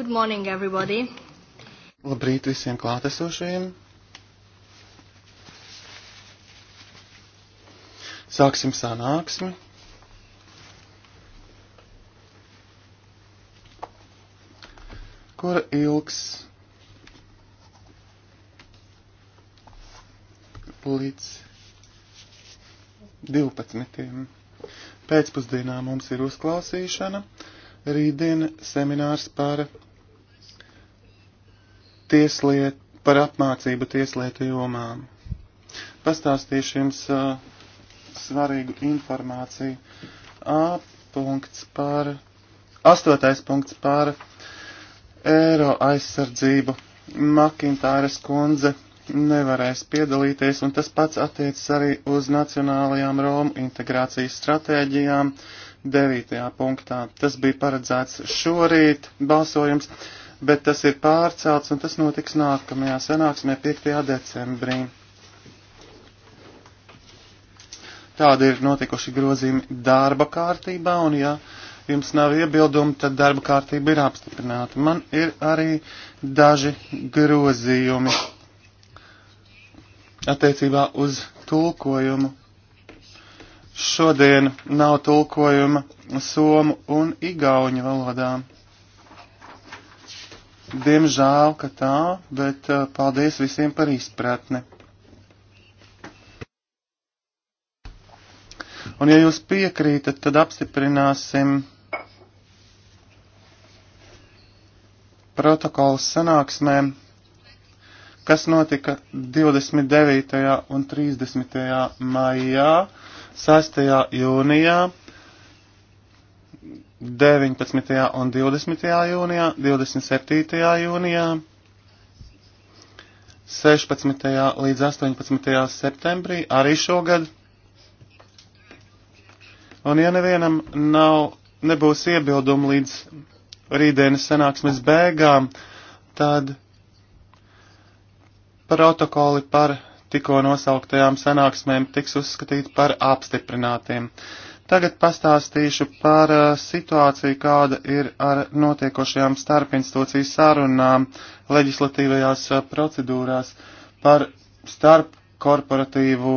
Good morning, everybody. Labrīt visiem klātesošajiem. Sāksim sanāksmi. Kura ilgs līdz 12. Pēcpusdienā mums ir uzklausīšana rītdien seminārs par tiesliet, par apmācību tieslietu jomām. Pastāstīšu jums uh, svarīgu informāciju. A punkts par, astotais punkts par eiro aizsardzību. Makintāres kundze nevarēs piedalīties, un tas pats attiecas arī uz nacionālajām Romu integrācijas stratēģijām 9. punktā. Tas bija paredzēts šorīt balsojums. Uh, bet tas ir pārcelts un tas notiks nākamajā sanāksmē 5. decembrī. Tādi ir notikuši grozījumi darba kārtībā, un ja jums nav iebildumi, tad darba kārtība ir apstiprināta. Man ir arī daži grozījumi attiecībā uz tulkojumu. Šodien nav tulkojuma somu un igauņu valodām. Diemžēl, ka tā, bet eh, paldies visiem par izpratni. Un ja jūs piekrītat, tad apstiprināsim protokolu sanāksmēm, kas notika 29. un 30. maijā, 6. jūnijā. 19. un 20. jūnijā, 27. jūnijā, 16. līdz 18. septembrī arī šogad. Un ja nevienam nav, nebūs iebildumu līdz rītdienas sanāksmes beigām, tad protokoli par tikko nosauktajām sanāksmēm tiks uzskatīti par apstiprinātiem. Tagad pastāstīšu par uh, situāciju, kāda ir ar notiekošajām starpinstitūciju sarunām leģislatīvajās uh, procedūrās par starp korporatīvo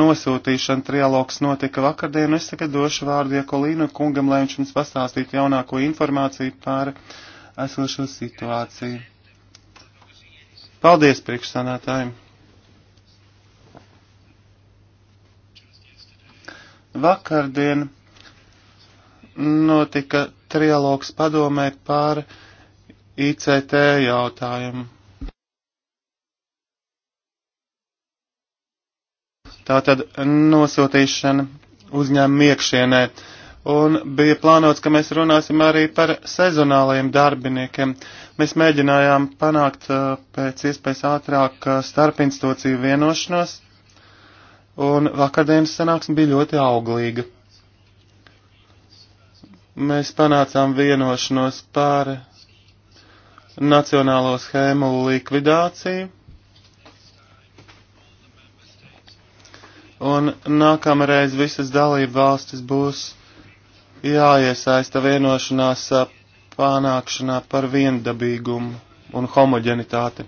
nosūtīšanu trialogs notika vakardien. Es tagad došu vārdu Jekolīnu kungam, lai viņš mums pastāstītu jaunāko informāciju par esošo situāciju. Paldies priekšsādātājiem! Vakardien notika trialogs padomē par ICT jautājumu. Tātad nosūtīšana uzņēmuma iekšienē. Un bija plānots, ka mēs runāsim arī par sezonālajiem darbiniekiem. Mēs mēģinājām panākt uh, pēc iespējas ātrāk uh, starpinstitūciju vienošanos, un vakardienas sanāksme bija ļoti auglīga. Mēs panācām vienošanos par nacionālo schēmu likvidāciju, un nākamreiz visas dalību valstis būs jāiesaista vienošanās panākšanā par viendabīgumu un homogenitāti.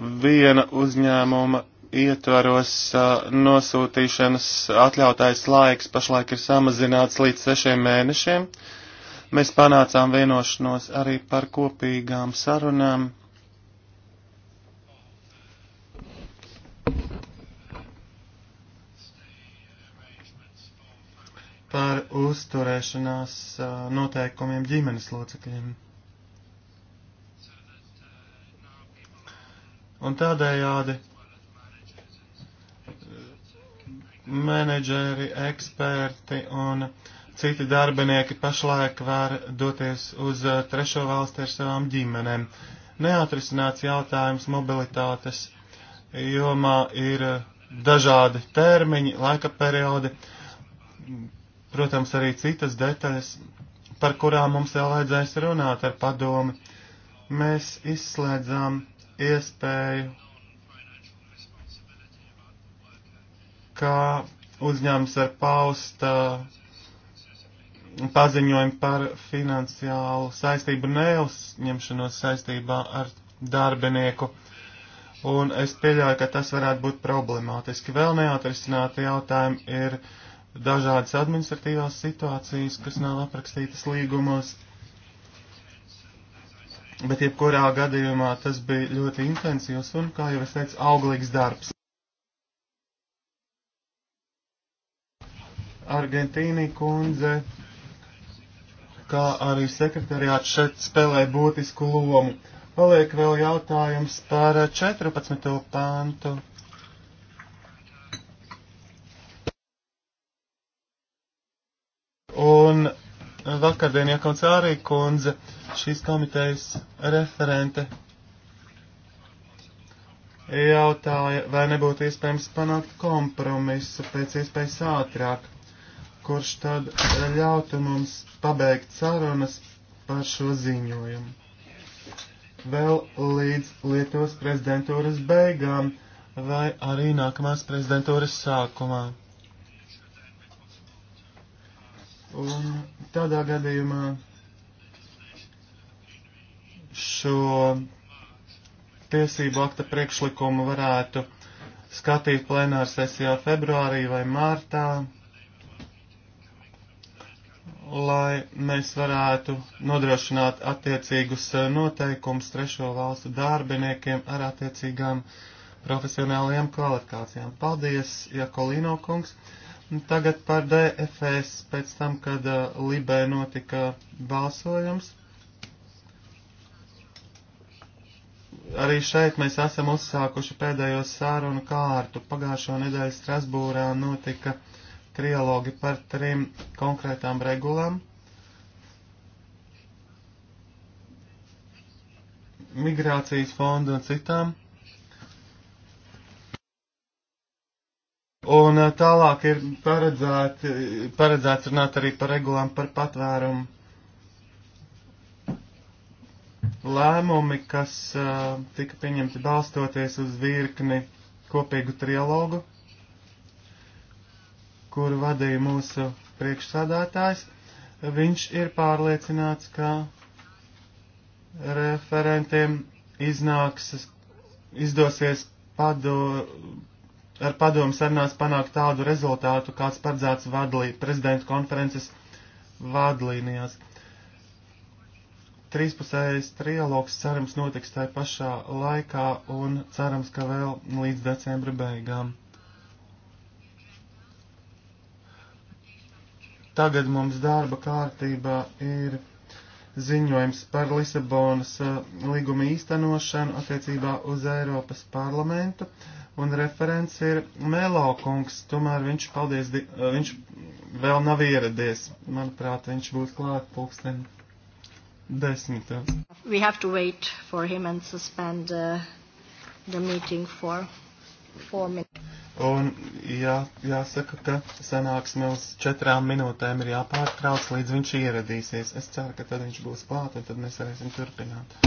viena uzņēmuma ietvaros nosūtīšanas atļautais laiks pašlaik ir samazināts līdz sešiem mēnešiem. Mēs panācām vienošanos arī par kopīgām sarunām. par uzturēšanās noteikumiem ģimenes locekļiem. Un tādējādi eh, menedžeri, eksperti un citi darbinieki pašlaik var doties uz eh, trešo valsti ar savām ģimenēm. Neatrisināts jautājums mobilitātes jomā ir eh, dažādi termiņi, laika periodi, protams, arī citas detaļas, par kurām mums vēl vajadzēs runāt ar padomi. Mēs izslēdzām iespēju, kā uzņēmums var paust uh, paziņojumu par finansiālu saistību neuzņemšanos saistībā ar darbinieku. Un es pieļauju, ka tas varētu būt problemātiski. Vēl neatrisināti jautājumi ir dažādas administratīvās situācijas, kas nav aprakstītas līgumos bet jebkurā gadījumā tas bija ļoti intensīvs un, kā jau es teicu, auglīgs darbs. Argentīni kundze, kā arī sekretariāts šeit spēlē būtisku lomu. Paliek vēl jautājums par 14. pāntu. Un Vakardien Jakauts Ārī kundze, šīs komitejas referente, jautāja, vai nebūtu iespējams panākt kompromisu pēc iespējas ātrāk, kurš tad ļautu mums pabeigt sarunas par šo ziņojumu. Vēl līdz Lietuvas prezidentūras beigām vai arī nākamās prezidentūras sākumā. Un tādā gadījumā šo tiesību akta priekšlikumu varētu skatīt plenāra sesijā februārī vai martā, lai mēs varētu nodrošināt attiecīgus noteikumus trešo valstu darbiniekiem ar attiecīgām profesionālajām kvalifikācijām. Paldies, Jakolino kungs! Nu, tagad par DFS, pēc tam, kad uh, Libē notika balsojums. Arī šeit mēs esam uzsākuši pēdējo sārunu kārtu. Pagājušo nedēļu Strasbūrā notika trialogi par trim konkrētām regulām. Migrācijas fondu un citām. Un eh, tālāk ir paredzēt, paredzēts runāt arī par regulām par patvērumu. Lēmumi, kas uh, tika pieņemti balstoties uz virkni kopīgu trialogu, kuru vadīja mūsu priekšsādātājs, viņš ir pārliecināts, ka referentiem iznāks, izdosies pado, ar padomu sarunās panākt tādu rezultātu, kāds paredzēts vadlī, prezidenta konferences vadlīnijās. Trīspusējais trialogs cerams notiks tai pašā laikā un cerams, ka vēl līdz decembra beigām. Tagad mums darba kārtībā ir ziņojums par Lisabonas eh, līguma īstenošanu attiecībā uz Eiropas parlamentu. Uh, un referents ir Mēlaukungs, tomēr viņš, paldies, viņš vēl nav ieradies. Manuprāt, viņš būs klāt pulksten desmitos. We have to wait for him and suspend uh, the meeting for four minutes. Un jā, jāsaka, ka sanāksme uz četrām minūtēm ir jāpārtrauc, līdz viņš ieradīsies. Es ceru, ka tad viņš būs klāt un tad mēs varēsim turpināt.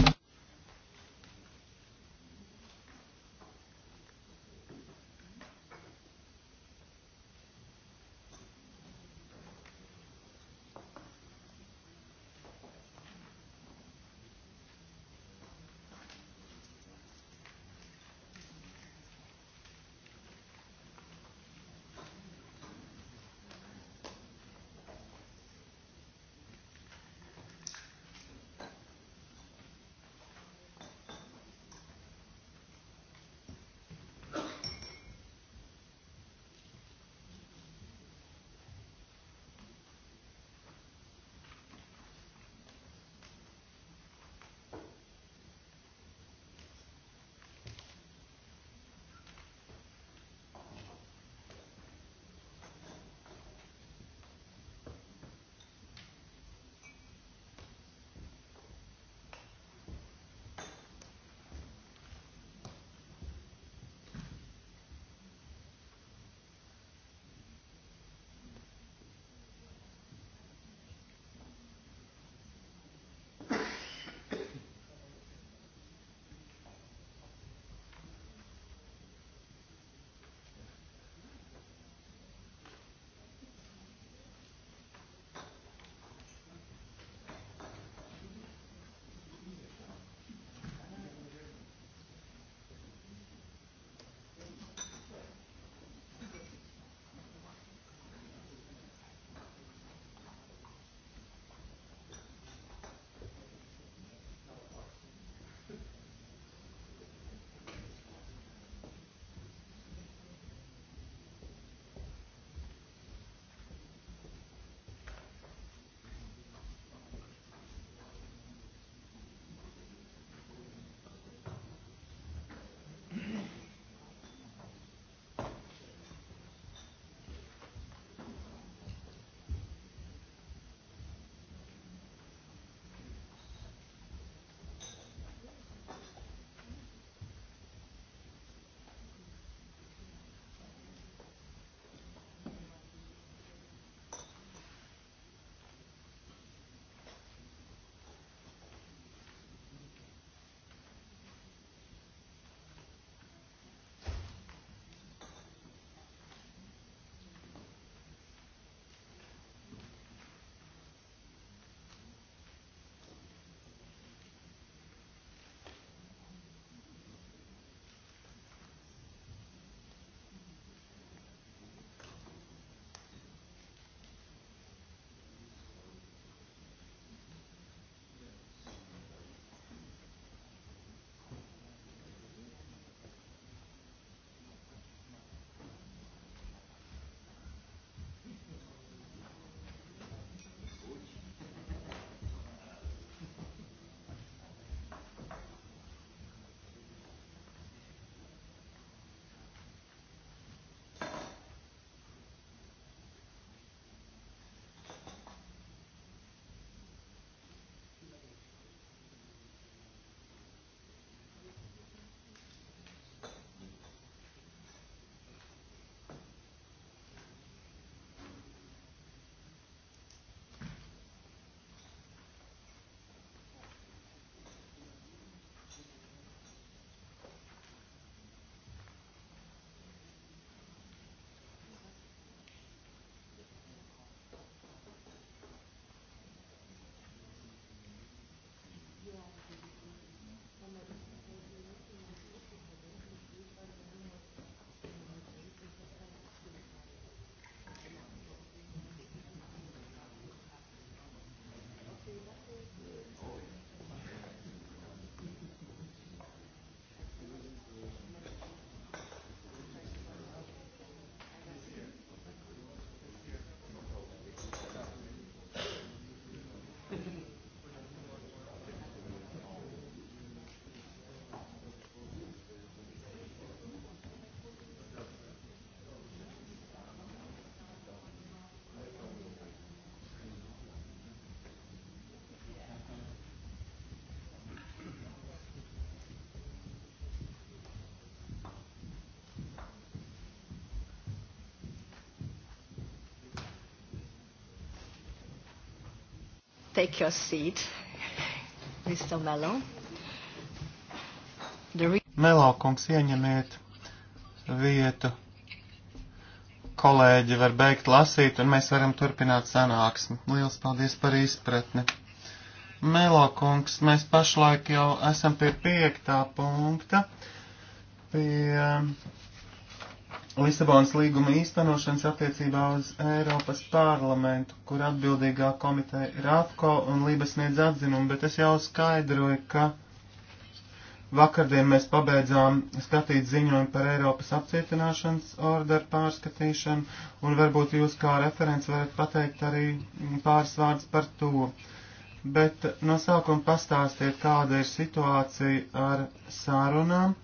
Take your seat, Mr. Melo. The... Melo kungs, ieņemiet vietu. Kolēģi var beigt lasīt, un mēs varam turpināt sanāksmi. Lielas paldies par izpratni. Melo kungs, mēs pašlaik jau esam pie piektā punkta. Pie, um, Lisabonas līguma īstenošanas attiecībā uz Eiropas parlamentu, kur atbildīgā komiteja ir AFCO un Lībes sniedz atzinumu, bet es jau skaidroju, ka vakardien mēs pabeidzām skatīt ziņojumu par Eiropas apcietināšanas orderu pārskatīšanu, un varbūt jūs kā referents varat pateikt arī pāris vārdus par to. Bet no sākuma pastāstiet, kāda ir situācija ar sārunām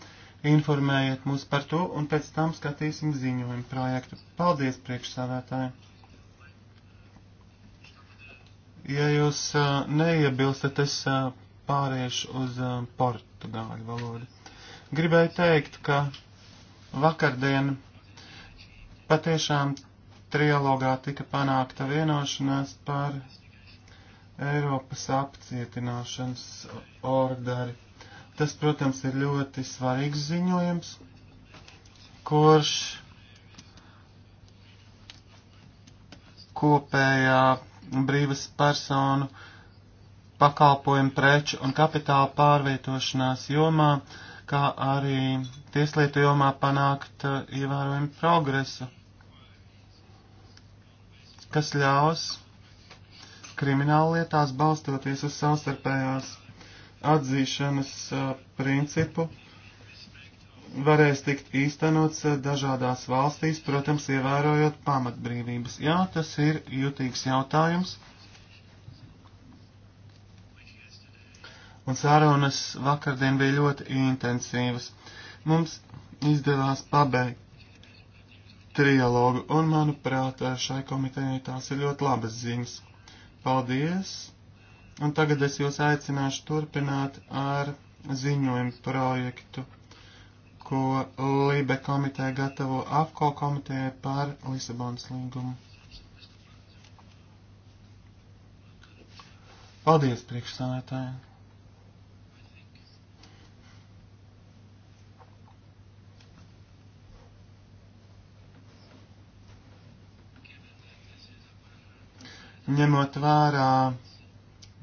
Informējiet mūs par to un pēc tam skatīsim ziņojumu projektu. Paldies, priekšsādātāji! Ja jūs uh, neiebilstat, es uh, pāriešu uz uh, portugāļu valodu. Gribēju teikt, ka vakardien patiešām trialogā tika panākta vienošanās par Eiropas apcietināšanas orderi. Tas, protams, ir ļoti svarīgs ziņojums, kurš kopējā brīvas personu pakalpojumu preču un kapitāla pārvietošanās jomā, kā arī tieslietu jomā panākt uh, ievērojumu progresu, kas ļaus krimināllietās balstoties uz savstarpējās atzīšanas principu varēs tikt īstenots dažādās valstīs, protams, ievērojot pamatbrīvības. Jā, tas ir jutīgs jautājums. Un sarunas vakardien bija ļoti intensīvas. Mums izdevās pabeigt trialogu, un, manuprāt, šai komitejai tās ir ļoti labas ziņas. Paldies! Un tagad es jūs aicināšu turpināt ar ziņojumu projektu, ko Libe komiteja gatavo AFCO komitejai par Lisabonas līgumu. Paldies, priekšsādātāji! Ņemot vērā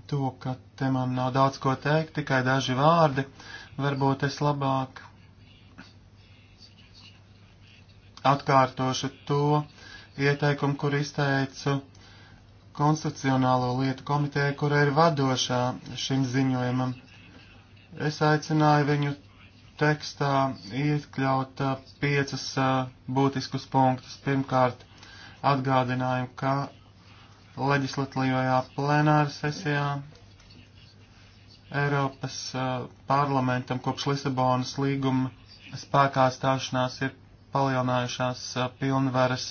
to, ka te man nav daudz ko teikt, tikai daži vārdi. Varbūt es labāk atkārtošu to ieteikumu, kur izteicu konstitucionālo lietu komiteja, kura ir vadošā šim ziņojumam. Es aicināju viņu tekstā iekļaut uh, piecus uh, būtiskus punktus. Pirmkārt, atgādinājumu, ka leģislatīvajā plenāra sesijā Eiropas uh, parlamentam kopš Lisabonas līguma spēkā stāšanās ir palielinājušās uh, pilnvaras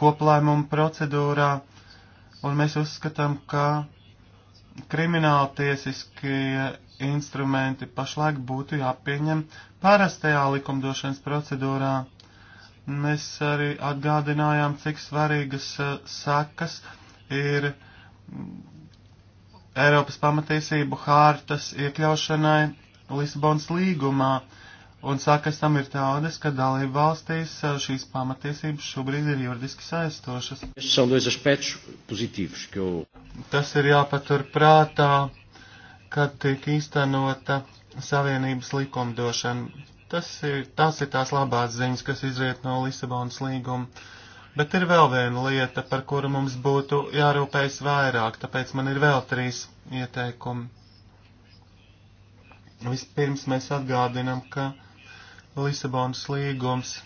koplēmuma procedūrā, un mēs uzskatām, ka krimināltiesiskie uh, instrumenti pašlaik būtu jāpieņem parastajā likumdošanas procedūrā. Mēs arī atgādinājām, cik svarīgas e, sakas ir Eiropas pamatiesību hārtas iekļaušanai Lisabons līgumā. Un sākas tam ir tādas, ka dalību valstīs e, šīs pamatiesības šobrīd ir juridiski saistošas. Tas ir jāpatur prātā, kad tiek īstenota savienības likumdošana. Tas ir, tās ir tās labās ziņas, kas izriet no Lisabonas līguma. Bet ir vēl viena lieta, par kuru mums būtu jārūpējas vairāk, tāpēc man ir vēl trīs ieteikumi. Vispirms mēs atgādinam, ka Lisabonas līgums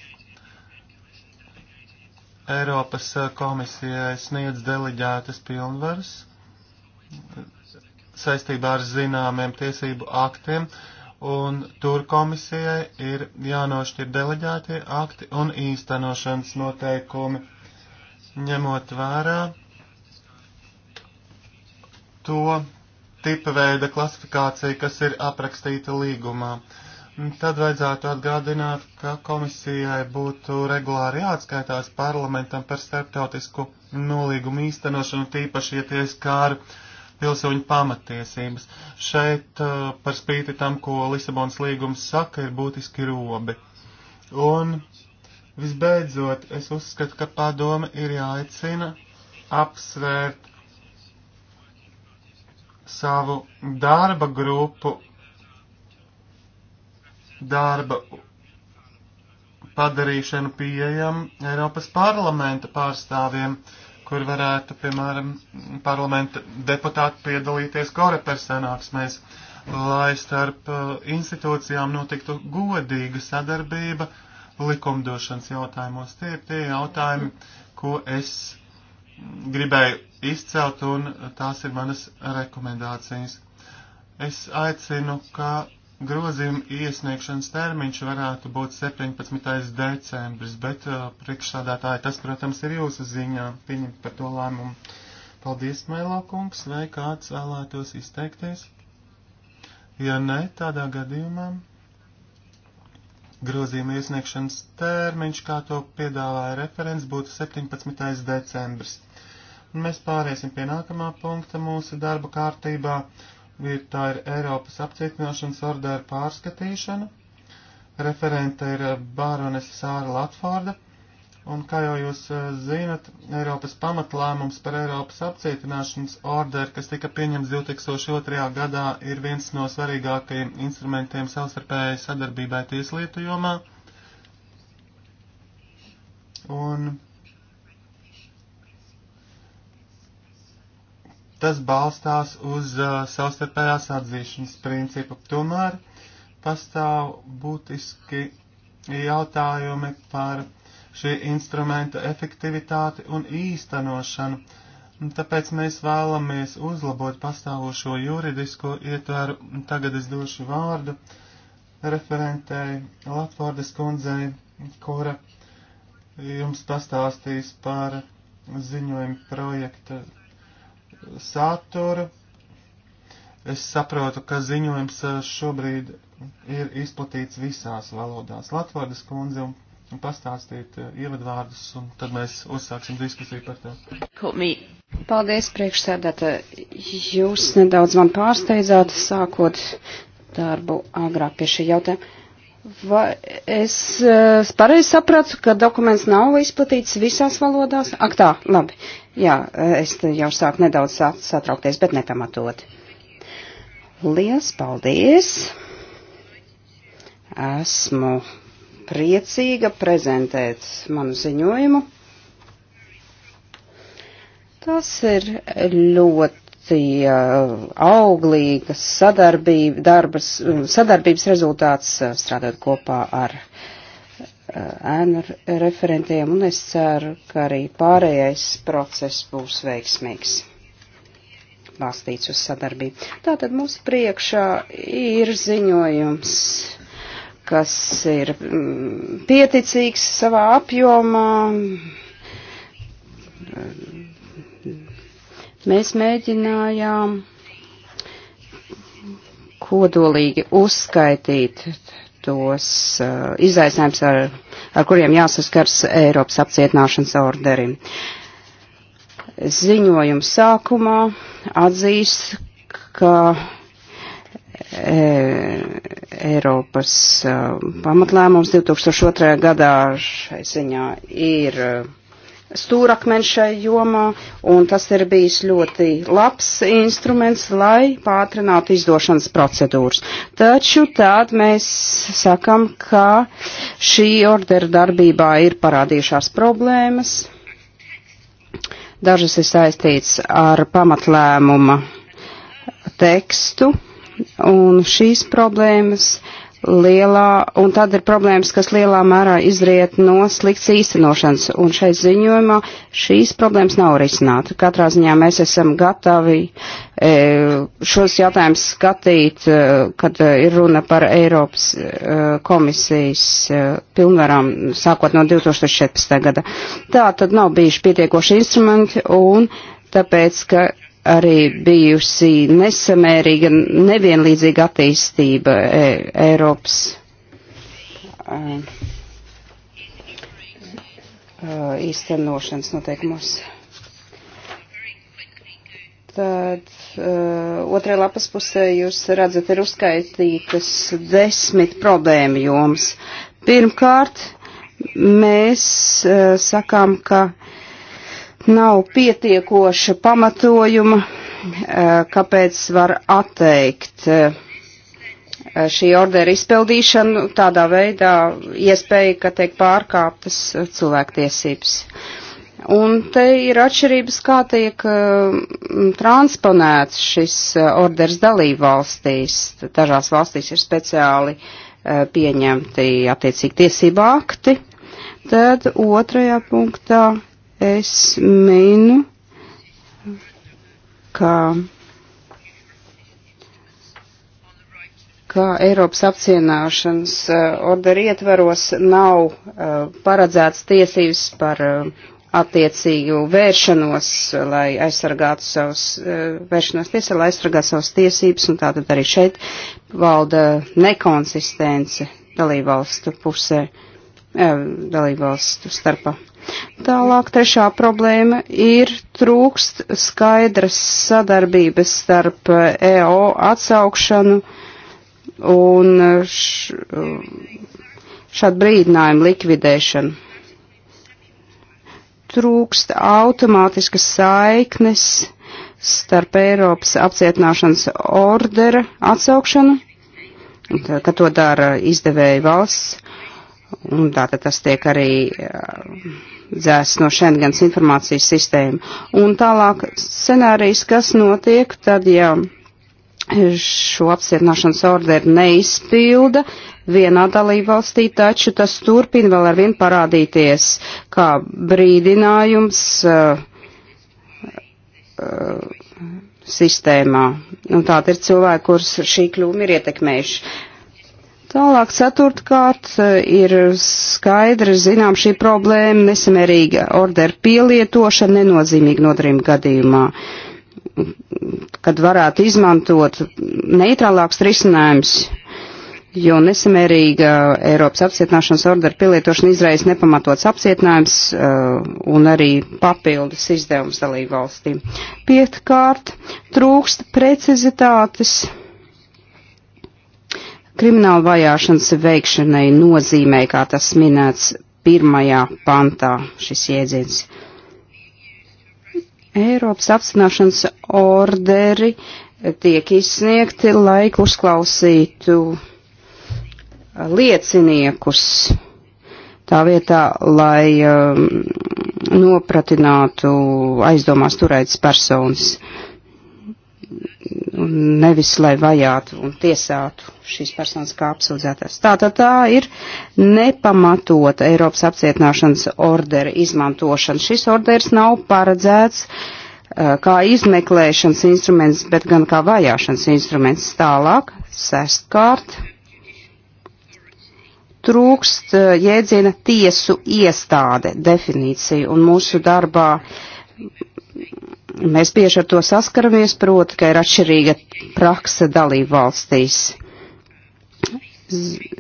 Eiropas komisijai sniedz deleģētas pilnvaras saistībā ar zināmiem tiesību aktiem, uh, un tur komisijai ir jānošķir deleģētie akti un īstenošanas noteikumi, ņemot vērā to tipa veida klasifikāciju, kas ir aprakstīta līgumā. Tad vajadzētu atgādināt, ka komisijai būtu regulāri jāatskaitās parlamentam par starptautisku nolīgumu īstenošanu, tīpaši, ja tie skāra pilsoņu pamatiesības. Šeit uh, par spīti tam, ko Lisabonas līgums saka, ir būtiski robi. Un visbeidzot, es uzskatu, ka padome ir jāicina apsvērt savu darba grupu, darba padarīšanu pieejam Eiropas parlamenta pārstāvjiem. Uh, kur varētu, piemēram, parlamenta deputāti piedalīties koreper sanāksmēs, lai starp uh, institūcijām notiktu godīga sadarbība likumdošanas jautājumos. Tie ir tie jautājumi, ko es gribēju izcelt, un tās ir manas rekomendācijas. Es aicinu, ka Grozījuma iesniegšanas termiņš varētu būt 17. decembris, bet uh, priekšsādātāji tas, protams, ir jūsu ziņā pieņemt par to lēmumu. Paldies, Mailo kungs, vai kāds vēlētos izteikties? Ja ne, tādā gadījumā grozījuma iesniegšanas termiņš, kā to piedāvāja referents, būtu 17. decembris. Un mēs pāriesim pie nākamā punkta mūsu darba kārtībā ir, tā ir Eiropas apcietināšanas ordēra pārskatīšana. Referente ir eh, baronese Sāra Latforda. Un kā jau jūs eh, zinat, Eiropas pamatlēmums par Eiropas apcietināšanas orderu, kas tika pieņemts 2002. gadā, ir viens no svarīgākajiem instrumentiem savstarpējai sadarbībai tieslietu jomā. Un Tas balstās uz uh, savstarpējās atzīšanas principu. Tomēr pastāv būtiski jautājumi par šī instrumenta efektivitāti un īstenošanu. Tāpēc mēs vēlamies uzlabot pastāvošo juridisko ietvaru. Tagad es došu vārdu referentēji Latvārdas kundzei, kura jums pastāstīs par ziņojumu projektu saturu. Es saprotu, ka ziņojums eh, šobrīd ir izplatīts visās valodās. Latvārdas kundze um, un pastāstīt eh, ievadvārdus, un tad mēs uzsāksim diskusiju par to. Paldies, priekšsēdētā. Jūs nedaudz man pārsteidzāt, sākot darbu agrāk pie šī jautājuma. Vai es pareizi sapratu, ka dokuments nav izplatīts visās valodās? Ak tā, labi. Jā, es jau sāku nedaudz satraukties, bet nepamatot. Liels paldies! Esmu priecīga prezentēt manu ziņojumu. Tas ir ļoti produkcija, auglīgas sadarbība, darbas, um, sadarbības rezultāts, uh, strādājot kopā ar uh, ēnu referentiem, un es ceru, ka arī pārējais process būs veiksmīgs balstīts uz sadarbību. Tātad mūsu priekšā ir ziņojums, kas ir mm, pieticīgs savā apjomā, mm, Mēs mēģinājām kodolīgi uzskaitīt tos uh, izaicinājums, ar, ar kuriem jāsaskars Eiropas apcietināšanas orderim. Ziņojums sākumā atzīst, ka e, Eiropas uh, pamatlēmums 2002. gadā šai ziņā ir uh, stūrakmeņš šai jomā, un tas ir bijis ļoti labs instruments, lai pātrinātu izdošanas procedūras. Taču tād mēs sakam, ka šī ordera darbībā ir parādījušās problēmas. Dažas ir saistīts ar pamatlēmuma tekstu, un šīs problēmas uh, lielā, un tad ir problēmas, kas lielā mērā izriet no slikts īstenošanas, un šeit ziņojumā šīs problēmas nav risināta. Katrā ziņā mēs esam gatavi e, šos jautājumus skatīt, e, kad ir runa par Eiropas e, komisijas pilnvarām sākot no 2014. gada. Tā tad nav bijuši pietiekoši instrumenti, un tāpēc, ka arī bijusi nesamērīga, nevienlīdzīga attīstība e Eiropas e īstenošanas noteikumos. Tad e otrajā lapas pusē jūs redzat ir uzskaitītas desmit problēma joms. Pirmkārt, mēs uh, sakām, ka uh, Nav pietiekoša pamatojuma, eh, kāpēc var atteikt eh, šī ordera izpildīšanu tādā veidā iespēja, ka tiek pārkāptas cilvēktiesības. Un te ir atšķirības, kā tiek uh, transponēts šis orders dalību valstīs. Dažās valstīs ir speciāli uh, pieņemti attiecīgi tiesību akti. Tad otrajā punktā Es minu, ka, ka Eiropas apcienāšanas uh, orderi ietveros nav uh, paredzēts tiesības par uh, attiecīgu vēršanos, lai aizsargātu savus, vēršanos tiesā, lai aizsargātu savus tiesības, un tātad arī šeit valda nekonsistence dalībvalstu pusē, dalībvalstu starpā. Tālāk trešā problēma ir trūkst skaidras sadarbības starp EO atsaukšanu un šādu brīdinājumu likvidēšanu. Trūkst automātiskas saiknes starp Eiropas apcietināšanas ordera atsaukšanu, ka to dara izdevēja valsts, un tātad tas tiek arī uh, dzēs no Schengens informācijas sistēmu. Un tālāk scenārijs, kas notiek, tad, ja šo apcietināšanas orderu neizpilda vienā dalībvalstī, taču tas turpina vēl ar vienu parādīties kā brīdinājums uh, uh, sistēmā. Un tāda ir cilvēki, kurus šī kļūma ir ietekmējuši. Uh, Tālāk ceturtkārt eh, ir skaidri zinām šī problēma nesamērīga orderu pielietošana nenozīmīga nodarījuma gadījumā, kad varētu izmantot neitrālāks risinājums, jo nesamērīga Eiropas apcietināšanas orderu pielietošana izraisa nepamatots apcietinājums uh, un arī papildus izdevums dalību valstīm. Piektkārt trūkst precizitātes Krimināla vajāšanas veikšanai nozīmē, kā tas minēts pirmajā pantā, šis jēdziens. Eiropas apstināšanas orderi tiek izsniegti, lai uzklausītu lieciniekus tā vietā, lai um, nopratinātu aizdomās turētas personas. Uh, nevis lai vajātu un tiesātu šīs personas kā apsūdzētās. Tātad tā ir nepamatota Eiropas apcietināšanas ordera izmantošana. Šis orders nav paredzēts uh, kā izmeklēšanas instruments, bet gan kā vajāšanas instruments tālāk, sestkārt. Trūkst uh, jēdziena tiesu iestāde definīcija un mūsu darbā Mēs bieži ar to saskaramies, proti, ka ir atšķirīga prakse dalību valstīs. Z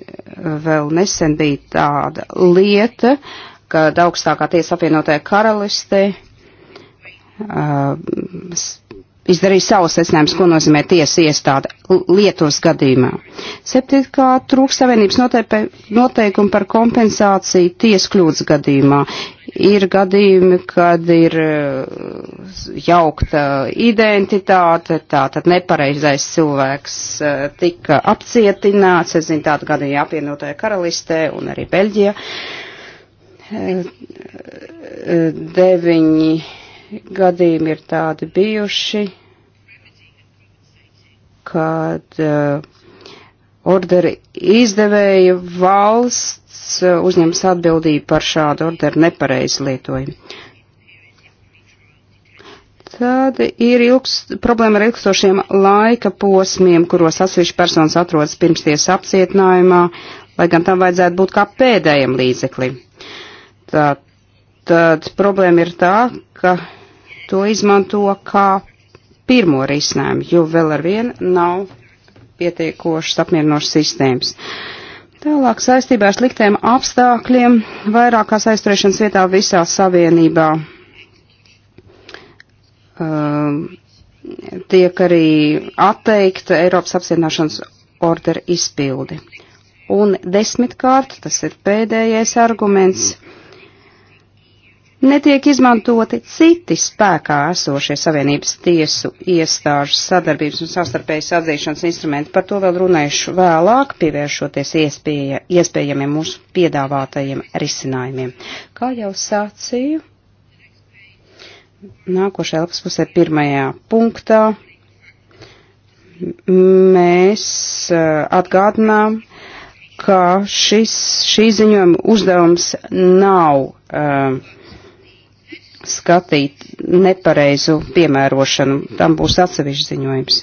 vēl nesen bija tāda lieta, kad augstākā tiesa apvienotajā karalistē uh, izdarīja savus secinājumus, ko nozīmē tiesa iestāde lietos gadījumā. Septītkārt trūks savienības noteikumi par kompensāciju tiesu kļūdas gadījumā. Ir gadījumi, kad ir eh, jaukta identitāte, tātad nepareizais cilvēks eh, tika apcietināts, es zinu, tāda gadījuma apvienotajā karalistē un arī Beļģijā. Eh, deviņi gadījumi ir tādi bijuši, kad orderi izdevēja valsts valsts eh, uzņemas atbildību par šādu orderu nepareizu lietojumu. Tad ir ilgs, problēma ar ilgstošiem laika posmiem, kuros atsevišķi personas atrodas pirmsties apcietinājumā, lai gan tam vajadzētu būt kā pēdējam līdzeklim. Tad, tad problēma ir tā, ka to izmanto kā pirmo risinājumu, jo vēl ar vienu nav pietiekošas apmierinošas sistēmas. Uh, Tālāk saistībā ar sliktiem apstākļiem vairākās aizturēšanas vietā visā savienībā. Uh, tiek arī atteikta Eiropas apcietināšanas ordera izpildi. Un desmitkārt, tas ir pēdējais arguments, netiek izmantoti citi spēkā esošie Savienības tiesu iestāžu sadarbības un sastarpējas atzīšanas instrumenti. Par to vēl runājuši vēlāk, pievēršoties iespēja, iespējamiem mūsu piedāvātajiem risinājumiem. Kā jau sācīju, nākošajā elpas pusē pirmajā punktā mēs eh, atgādinām, ka šis, šī ziņojuma uzdevums nav uh, skatīt nepareizu piemērošanu. Tam būs atsevišķi ziņojums.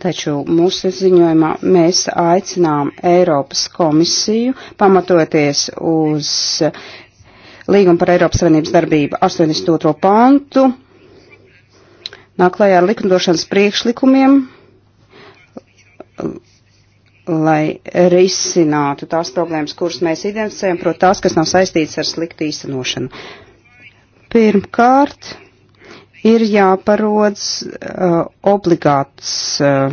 Taču mūsu ziņojumā mēs aicinām Eiropas komisiju, pamatoties uz līgumu par Eiropas Savienības darbību 82. pantu, nāklājā ar likumdošanas priekšlikumiem, lai risinātu tās problēmas, kuras mēs identificējam, proti tās, kas nav saistītas ar sliktu īstenošanu. Pirmkārt, ir jāparodz uh, obligāts uh,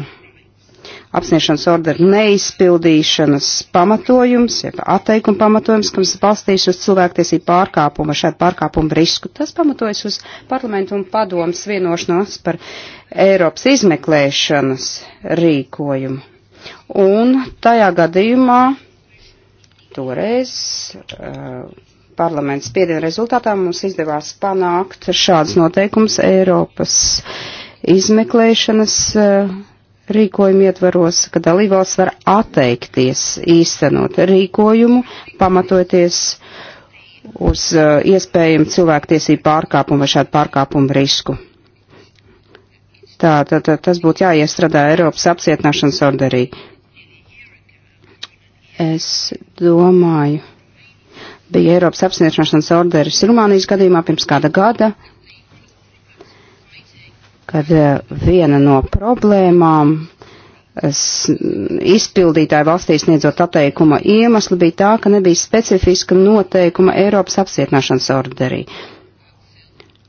apsniešanas ordera neizpildīšanas pamatojums, ja atteikuma pamatojums, kas balstīs uz cilvēktiesību pārkāpumu, šādu pārkāpumu risku. Tas pamatojas uz parlamentu un padomas vienošanos par Eiropas izmeklēšanas rīkojumu. Un tajā gadījumā toreiz. Uh, parlaments spiediena rezultātā mums izdevās panākt šāds noteikums Eiropas izmeklēšanas eh, rīkojumu ietvaros, ka dalībvalsts var atteikties īstenot rīkojumu, pamatoties uz eh, iespējumu cilvēktiesību pārkāpumu vai šādu pārkāpumu risku. Tā, tā, tā, tas būtu jāiestrādā Eiropas apcietināšanas orderī. Es domāju bija Eiropas apsniegšanas orderis Rumānijas gadījumā pirms kāda gada, kad eh, viena no problēmām izpildītāja valstī sniedzot atteikuma iemeslu bija tā, ka nebija specifiska noteikuma Eiropas apcietināšanas orderī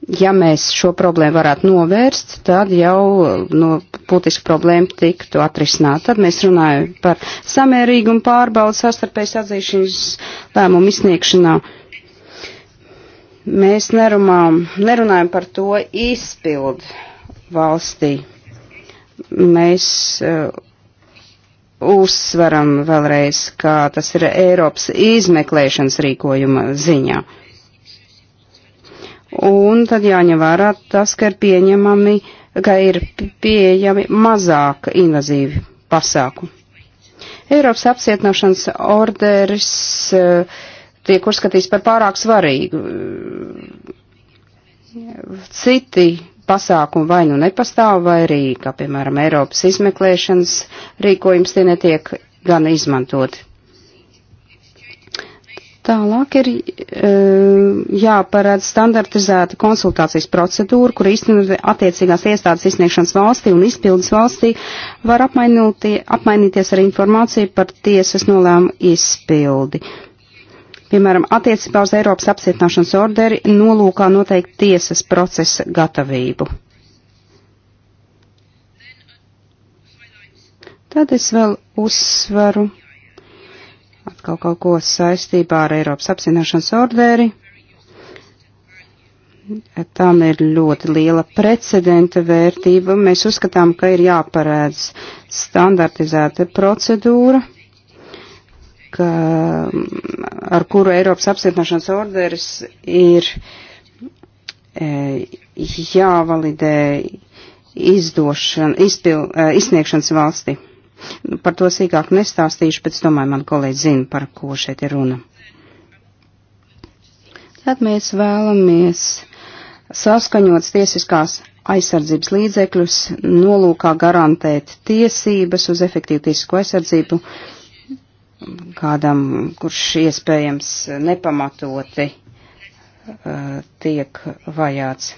ja mēs šo problēmu varētu novērst, tad jau no nu, būtiska problēma tiktu atrisināt. Tad mēs runājam par samērīgumu pārbaudu sastarpējas atzīšanas lēmumu izsniegšanā. Mēs nerunām, nerunājam par to izpildu valstī. Mēs uh, uzsveram vēlreiz, kā tas ir Eiropas izmeklēšanas rīkojuma ziņā. Uh, Un tad jāņem vērā tas, ka ir pieņemami, ka ir pieejami mazāk invazīvi pasākumi. Eiropas apcietināšanas orderis eh, tiek uzskatīts par pārāk svarīgu. Citi pasākumi vai nu nepastāv, vai arī, kā piemēram, Eiropas izmeklēšanas rīkojums tie netiek gan izmantoti. Tālāk ir e, jāparāda standartizēta konsultācijas procedūra, kur īstenot attiecīgās iestādes izsniegšanas valstī un izpildes valstī var apmainīties ar informāciju par tiesas nolēmu izpildi. Piemēram, attiecībā uz Eiropas apcietināšanas orderi nolūkā noteikti tiesas procesa gatavību. Tad es vēl uzsveru atkal kaut ko saistībā ar Eiropas apzināšanas ordēri. Tam ir ļoti liela precedenta vērtība. Mēs uzskatām, ka ir jāparēdz standartizēta procedūra, ka, ar kuru Eiropas apstiprināšanas orderis ir e, jāvalidē izdošana, izpil, e, izsniegšanas valsti. Par to sīkāk nestāstīšu, bet es domāju, man kolēģi zina, par ko šeit ir runa. Tad mēs vēlamies saskaņots tiesiskās aizsardzības līdzekļus, nolūkā garantēt tiesības uz efektīvu tiesisko aizsardzību kādam, kurš iespējams nepamatoti uh, tiek vajāts.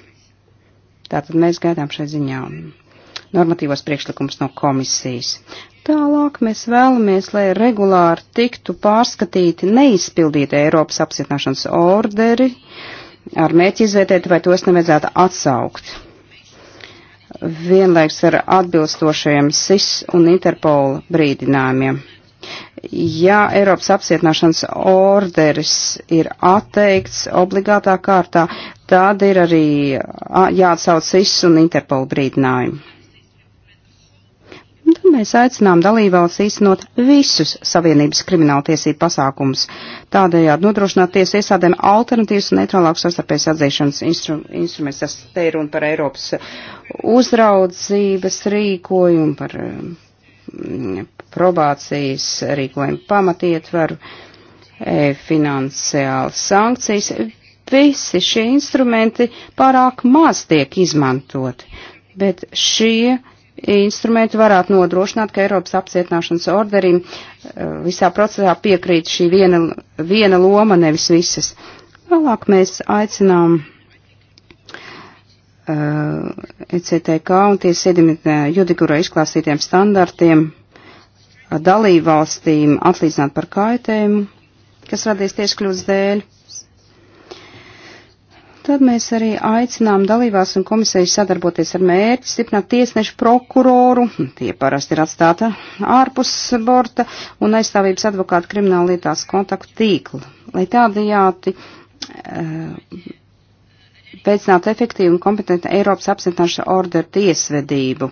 Tātad mēs gaidām šai ziņā normatīvos priekšlikumus no komisijas. Tālāk mēs vēlamies, lai regulāri tiktu pārskatīti neizpildīti Eiropas apcietināšanas orderi ar mērķi izvērtēt, vai tos nevajadzētu atsaukt. Vienlaiks ar atbilstošajiem SIS un Interpola brīdinājumiem. Ja Eiropas apcietināšanas orderis ir atteikts obligātā kārtā, tad ir arī jāatsauc SIS un Interpola brīdinājumi mēs aicinām dalībvalsts īstenot visus Savienības krimināltiesību pasākumus, tādējādi nodrošināt tiesu iestādēm alternatīvas un neitrālākas sastarpējas atzīšanas instru instruments. Tas te ir runa par Eiropas uzraudzības rīkojumu, par mm, probācijas rīkojumu pamatietvaru, e, finansiālas sankcijas. Visi šie instrumenti pārāk maz tiek izmantoti, bet šie instrumenti varētu nodrošināt, ka Eiropas apcietināšanas orderim eh, visā procesā piekrīt šī viena, viena loma, nevis visas. Vēlāk mēs aicinām uh, eh, ECTK un tiesiedim eh, judikura izklāstītiem standartiem dalību valstīm atlīdzināt par kaitējumu, kas radies tieši kļūdas dēļ. Tad mēs arī aicinām dalībās un komisēju sadarboties ar mērķi, stiprināt tiesnešu prokuroru, tie parasti ir atstāta ārpus borta, un aizstāvības advokātu krimināla lietās kontaktu tīklu, lai tādajāti eh, veicinātu uh, efektīvu un kompetentu Eiropas apcietināšanas orderu tiesvedību.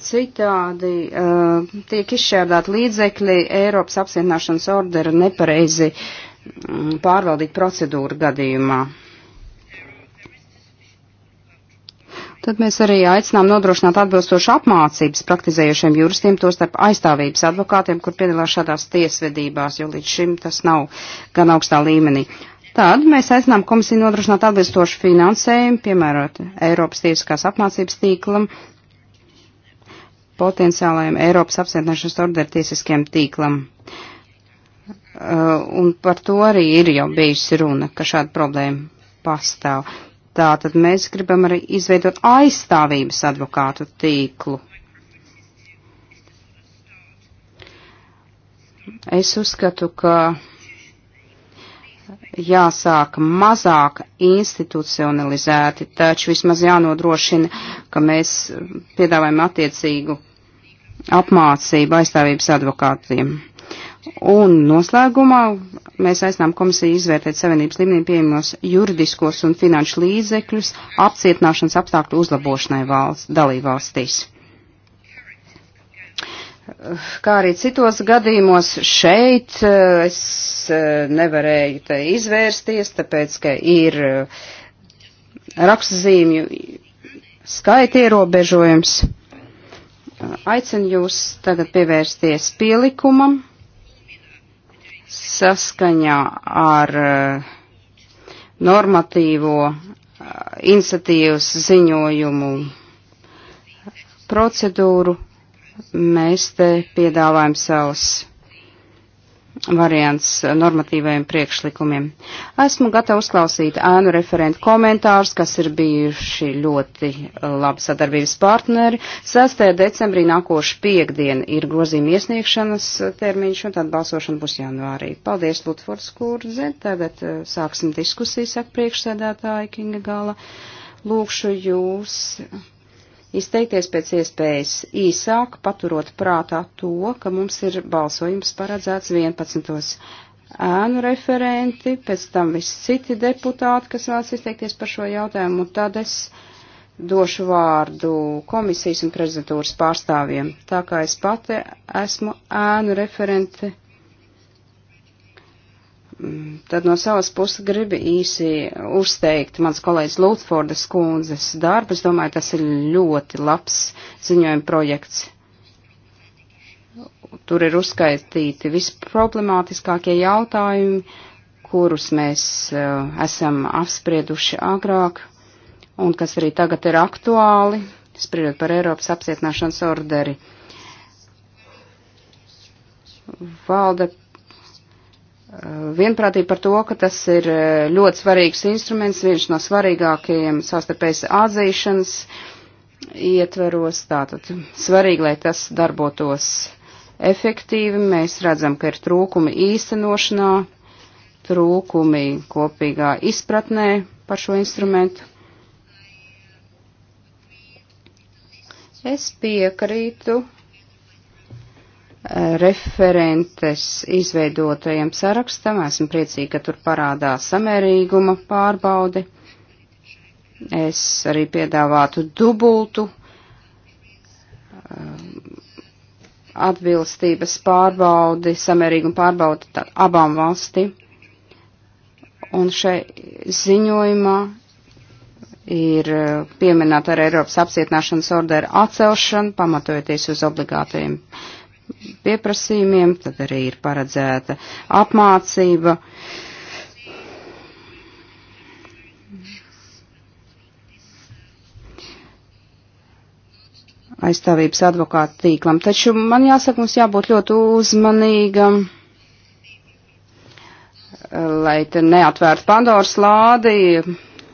Citādi uh, tiek izšķērdāti līdzekļi Eiropas apcietināšanas ordera nepareizi uh, Mm, pārvaldīt procedūru gadījumā. Tad mēs arī aicinām nodrošināt atbilstošu apmācības praktizējušiem juristiem, tostarp aizstāvības advokātiem, kur piedalās šādās tiesvedībās, jo līdz šim tas nav gan augstā līmenī. Tad mēs aicinām komisiju nodrošināt atbilstošu finansējumu, piemērot Eiropas tiesiskās apmācības tīklam, potenciālajiem Eiropas apcietināšanas orderu tiesiskiem tīklam. Uh, Eh, un par to arī ir jau bijusi runa, ka šāda problēma pastāv. Tātad mēs gribam arī izveidot aizstāvības advokātu tīklu. Es uzskatu, ka jāsāk mazāk institucionalizēti, taču vismaz jānodrošina, ka mēs piedāvājam attiecīgu apmācību aizstāvības advokātiem. Un noslēgumā mēs aicinām komisiju izvērtēt savienības līmenī pieejamos juridiskos un finanšu līdzekļus apcietināšanas apstākļu uzlabošanai valsts, dalībvalstīs. Kā arī citos gadījumos šeit eh, es eh, nevarēju te izvērsties, tāpēc, ka ir eh, rakstzīmju skaita ierobežojums. Aicinu jūs tagad pievērsties pielikumam saskaņā ar eh, normatīvo eh, iniciatīvas ziņojumu procedūru mēs te piedāvājam savus variants normatīvajiem priekšlikumiem. Esmu gatava uzklausīt ēnu referentu komentārus, kas ir bijuši ļoti uh, labi sadarbības partneri. 6. decembrī nākošu piekdienu ir grozījuma iesniegšanas uh, termiņš, un tad balsošana būs janvārī. Paldies, Lutfords Kurdze. Tagad uh, sāksim diskusijas ar priekšsēdētāju Kinga Gala. Lūkšu jūs izteikties pēc iespējas īsāk, paturot prātā to, ka mums ir balsojums paredzēts 11. ēnu referenti, pēc tam visi citi deputāti, kas vēlas izteikties par šo jautājumu, un tad es došu vārdu komisijas un prezidentūras pārstāvjiem, tā kā es pati esmu ēnu referente Tad no savas puses gribu īsi uzteikt mans kolēģis Lūtfordas kundzes darbu. Es domāju, tas ir ļoti labs ziņojuma projekts. Tur ir uzskaitīti visproblemātiskākie jautājumi, kurus mēs uh, esam apsprieduši agrāk un kas arī tagad ir aktuāli, spriedot par Eiropas apcietināšanas orderi. Valda vienprātīgi par to, ka tas ir e, ļoti svarīgs instruments, viens no svarīgākajiem sastarpējas atzīšanas ietveros. Tātad svarīgi, lai tas darbotos efektīvi. Mēs redzam, ka ir trūkumi īstenošanā, trūkumi kopīgā izpratnē par šo instrumentu. Es piekrītu referentes izveidotajam sarakstam. Esmu priecīga, ka tur parādās samērīguma pārbaude. Es arī piedāvātu dubultu eh, atbilstības pārbaudi, samērīguma pārbaudi tā, abām valstīm. Un šai ziņojumā ir eh, pieminēta ar Eiropas apcietināšanas orderu atcelšanu, pamatojoties uz obligātajiem uh, pieprasījumiem, tad arī ir paredzēta apmācība. aizstāvības advokāta tīklam. Taču man jāsaka, mums jābūt ļoti uzmanīgam, lai te neatvērtu Pandoras lādi.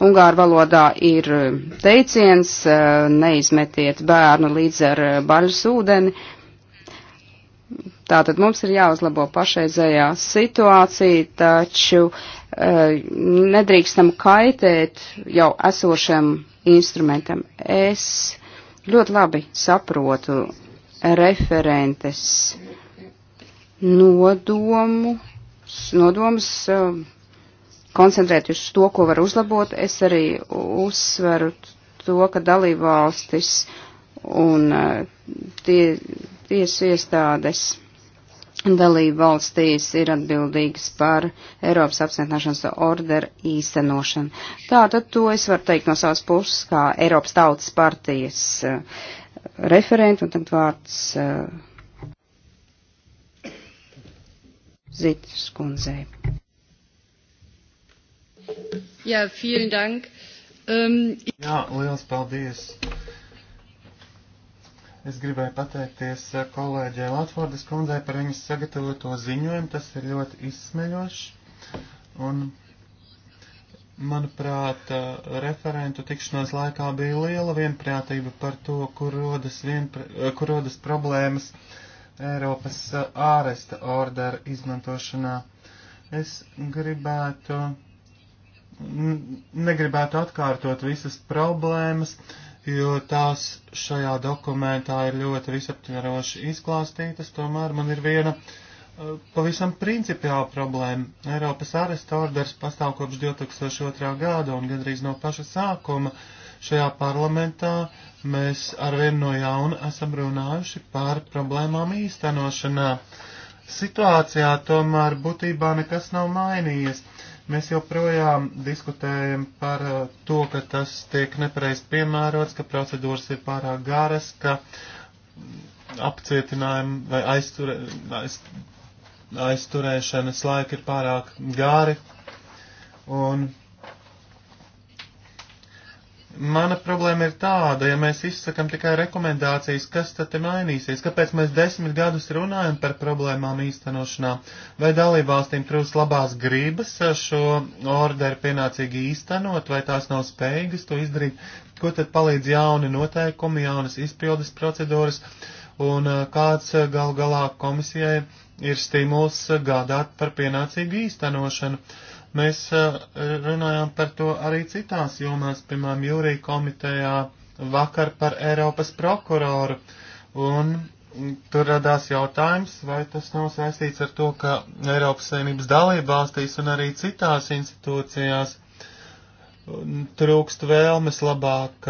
Ungāru valodā ir teiciens, neizmetiet bērnu līdz ar baļas ūdeni, Tātad mums ir jāuzlabo pašreizējā situācija, taču e, nedrīkstam kaitēt jau esošam instrumentam. Es ļoti labi saprotu referentes nodomu, nodomus e, koncentrēt uz to, ko var uzlabot. Es arī uzsveru to, ka dalībvalstis un e, tie, tiesu iestādes dalību valstīs ir atbildīgas par Eiropas apcietināšanas orderu īstenošanu. Tātad to es varu teikt no savas puses kā Eiropas tautas partijas uh, eh, referentu un tad vārds uh, Zitas kundzei. Jā, vielen dank. Um, Jā, liels paldies. Uh, Es gribēju pateikties eh, kolēģei Latvordas kundzei par viņas sagatavoto ziņojumu. Tas ir ļoti izsmeļošs. Un, manuprāt, eh, referentu tikšanās laikā bija liela vienprātība par to, kur rodas, vienpr... Eh, kur rodas problēmas Eiropas āresta ordera izmantošanā. Es gribētu, negribētu atkārtot visas problēmas. Uh, jo tās šajā dokumentā ir ļoti visaptveroši izklāstītas, tomēr man ir viena uh, pavisam principiāla problēma. Eiropas aresta orders pastāv kopš 2002. gada un gandrīz no paša sākuma šajā parlamentā mēs arvien no jauna esam runājuši par problēmām īstenošanā. Situācijā tomēr būtībā nekas nav mainījies. Mēs joprojām diskutējam par uh, to, ka tas tiek nepareiz piemērots, ka procedūras ir pārāk garas, ka apcietinājumi vai aizturē, aiz, aizturēšanas laiki ir pārāk gari. Un Mana problēma ir tāda, ja mēs izsakam tikai rekomendācijas, kas tad te mainīsies, kāpēc mēs desmit gadus runājam par problēmām īstenošanā, vai dalībvalstīm trūks labās gribas šo orderu pienācīgi īstenot, vai tās nav spējīgas to izdarīt, ko tad palīdz jauni noteikumi, jaunas izpildes procedūras, un eh, kāds eh, gal galā komisijai ir stimuls gādāt par pienācīgu īstenošanu Mēs runājām par to arī citās jomās, piemēram, jūrija komitejā vakar par Eiropas prokuroru. Un tur radās jautājums, vai tas nav saistīts ar to, ka Eiropas Savienības dalība valstīs un arī citās institūcijās trūkst vēlmes labāk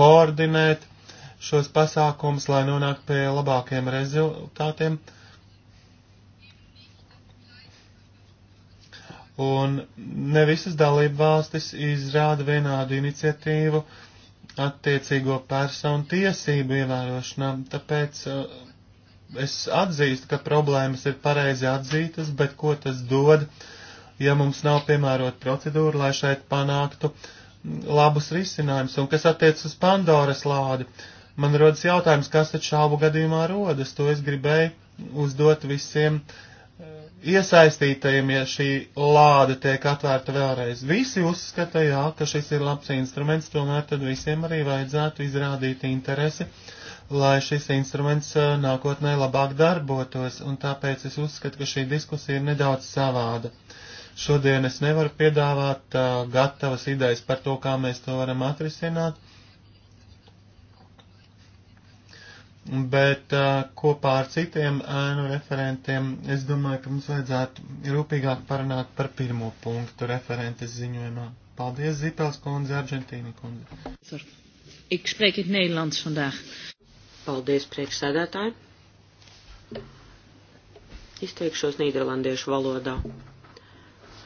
koordinēt šos pasākumus, lai nonāktu pie labākiem rezultātiem. Uh, un ne visas dalību valstis izrāda vienādu iniciatīvu attiecīgo personu tiesību ievērošanā, tāpēc uh, es atzīstu, ka problēmas ir pareizi atzītas, bet ko tas dod, ja mums nav piemērot procedūru, lai šeit panāktu labus risinājumus, un kas attiec uz Pandoras lādi. Man rodas jautājums, kas tad šābu gadījumā rodas, to es gribēju uzdot visiem uh, iesaistītajiem, ja šī lāde tiek atvērta vēlreiz. Visi uzskata, jā, ka šis ir labs instruments, tomēr tad visiem arī vajadzētu izrādīt interesi, lai šis instruments eh, nākotnē labāk darbotos, un tāpēc es uzskatu, ka šī diskusija ir nedaudz savāda. Šodien es nevaru piedāvāt uh, gatavas idejas par to, kā mēs to varam atrisināt, bet uh, kopā ar citiem ēnu referentiem es domāju, ka mums vajadzētu rūpīgāk parunāt par pirmo punktu referentes ziņojumā. Paldies, Zipels kundze, Argentīna kundze. Ik spreek het Nederlands vandaag. Paldies, priekšsēdētāji. Izteikšos nīderlandiešu valodā.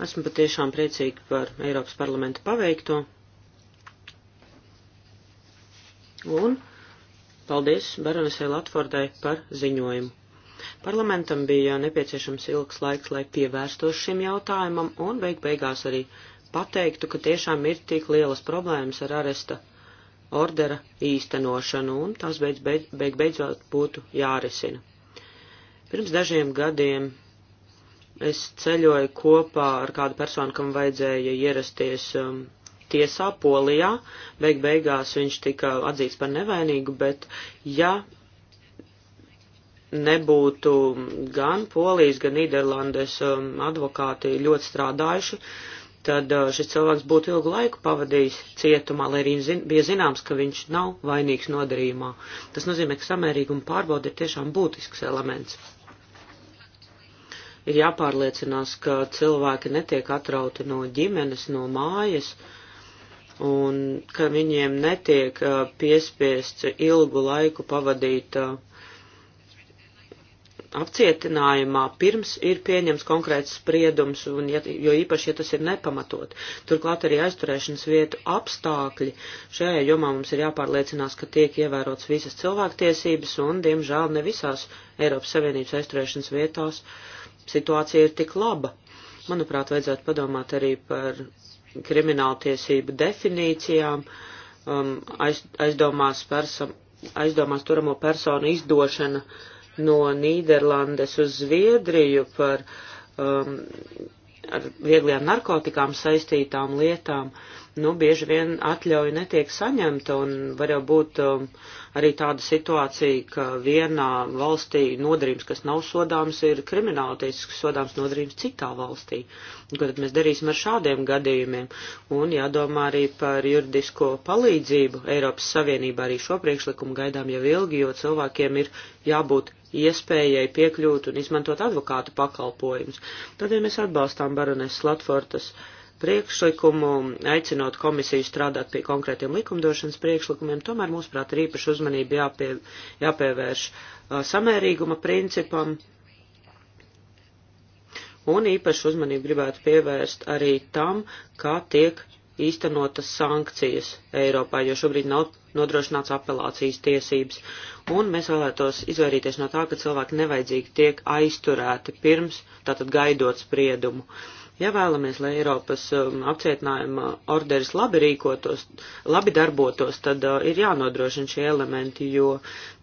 Esmu patiešām priecīgi par Eiropas parlamenta paveikto. Un Paldies Baronisai Latvordai par ziņojumu. Parlamentam bija nepieciešams ilgs laiks, lai pievērstos šim jautājumam un beig beigās arī pateiktu, ka tiešām ir tik lielas problēmas ar aresta ordera īstenošanu, un tas beidz, beidz, beidz beidzot būtu jārisina. Pirms dažiem gadiem es ceļoju kopā ar kādu personu, kam vajadzēja ierasties um, tiesā Polijā. Beig beigās viņš tika atzīts par nevainīgu, bet ja nebūtu gan Polijas, gan Nīderlandes um, advokāti ļoti strādājuši, tad uh, šis cilvēks būtu ilgu laiku pavadījis cietumā, lai arī zin, bija zināms, ka viņš nav vainīgs nodarījumā. Tas nozīmē, ka samērīguma pārbauda ir tiešām būtisks elements. Ir jāpārliecinās, ka cilvēki netiek atrauti no ģimenes, no mājas, uh, un ka viņiem netiek piespiests ilgu laiku pavadīt apcietinājumā, pirms ir pieņems konkrēts spriedums, un, ja, jo īpaši, ja tas ir nepamatot. Turklāt arī aizturēšanas vietu apstākļi. Šajā jomā mums ir jāpārliecinās, ka tiek ievērots visas cilvēktiesības, un, diemžēl, ne visās Eiropas Savienības aizturēšanas vietās situācija ir tik laba. Manuprāt, vajadzētu padomāt arī par krimināltiesību definīcijām, um, aiz, aizdomās, persam, aizdomās turamo personu izdošana no Nīderlandes uz Zviedriju par um, ar vieglajām narkotikām saistītām lietām. Uh, nu, bieži vien atļauja netiek saņemta un var jau būt um, arī tāda situācija, ka vienā valstī nodarījums, kas nav sodāms, ir krimināltiesisks sodāms nodarījums citā valstī. Un, ko tad mēs darīsim ar šādiem gadījumiem? Un jādomā arī par juridisko palīdzību Eiropas Savienībā. Arī šo priekšlikumu gaidām jau ilgi, jo cilvēkiem ir jābūt iespējai piekļūt un izmantot advokātu pakalpojumus. Tad, ja mēs atbalstām barones Latfortas. Uh, priekšlikumu, aicinot komisiju strādāt pie konkrētiem likumdošanas priekšlikumiem, tomēr, mūsuprāt, ir īpaši uzmanība jāpie, jāpievērš uh, samērīguma principam, un īpaši uzmanību gribētu pievērst arī tam, kā tiek īstenotas sankcijas Eiropā, jo šobrīd nav nodrošināts apelācijas tiesības, un mēs vēlētos izvairīties no tā, ka cilvēki nevajadzīgi tiek aizturēti pirms, tātad gaidot spriedumu. Uh, Ja vēlamies, lai Eiropas um, apcietinājuma orderis labi rīkotos, labi darbotos, tad uh, ir jānodrošina šie elementi, jo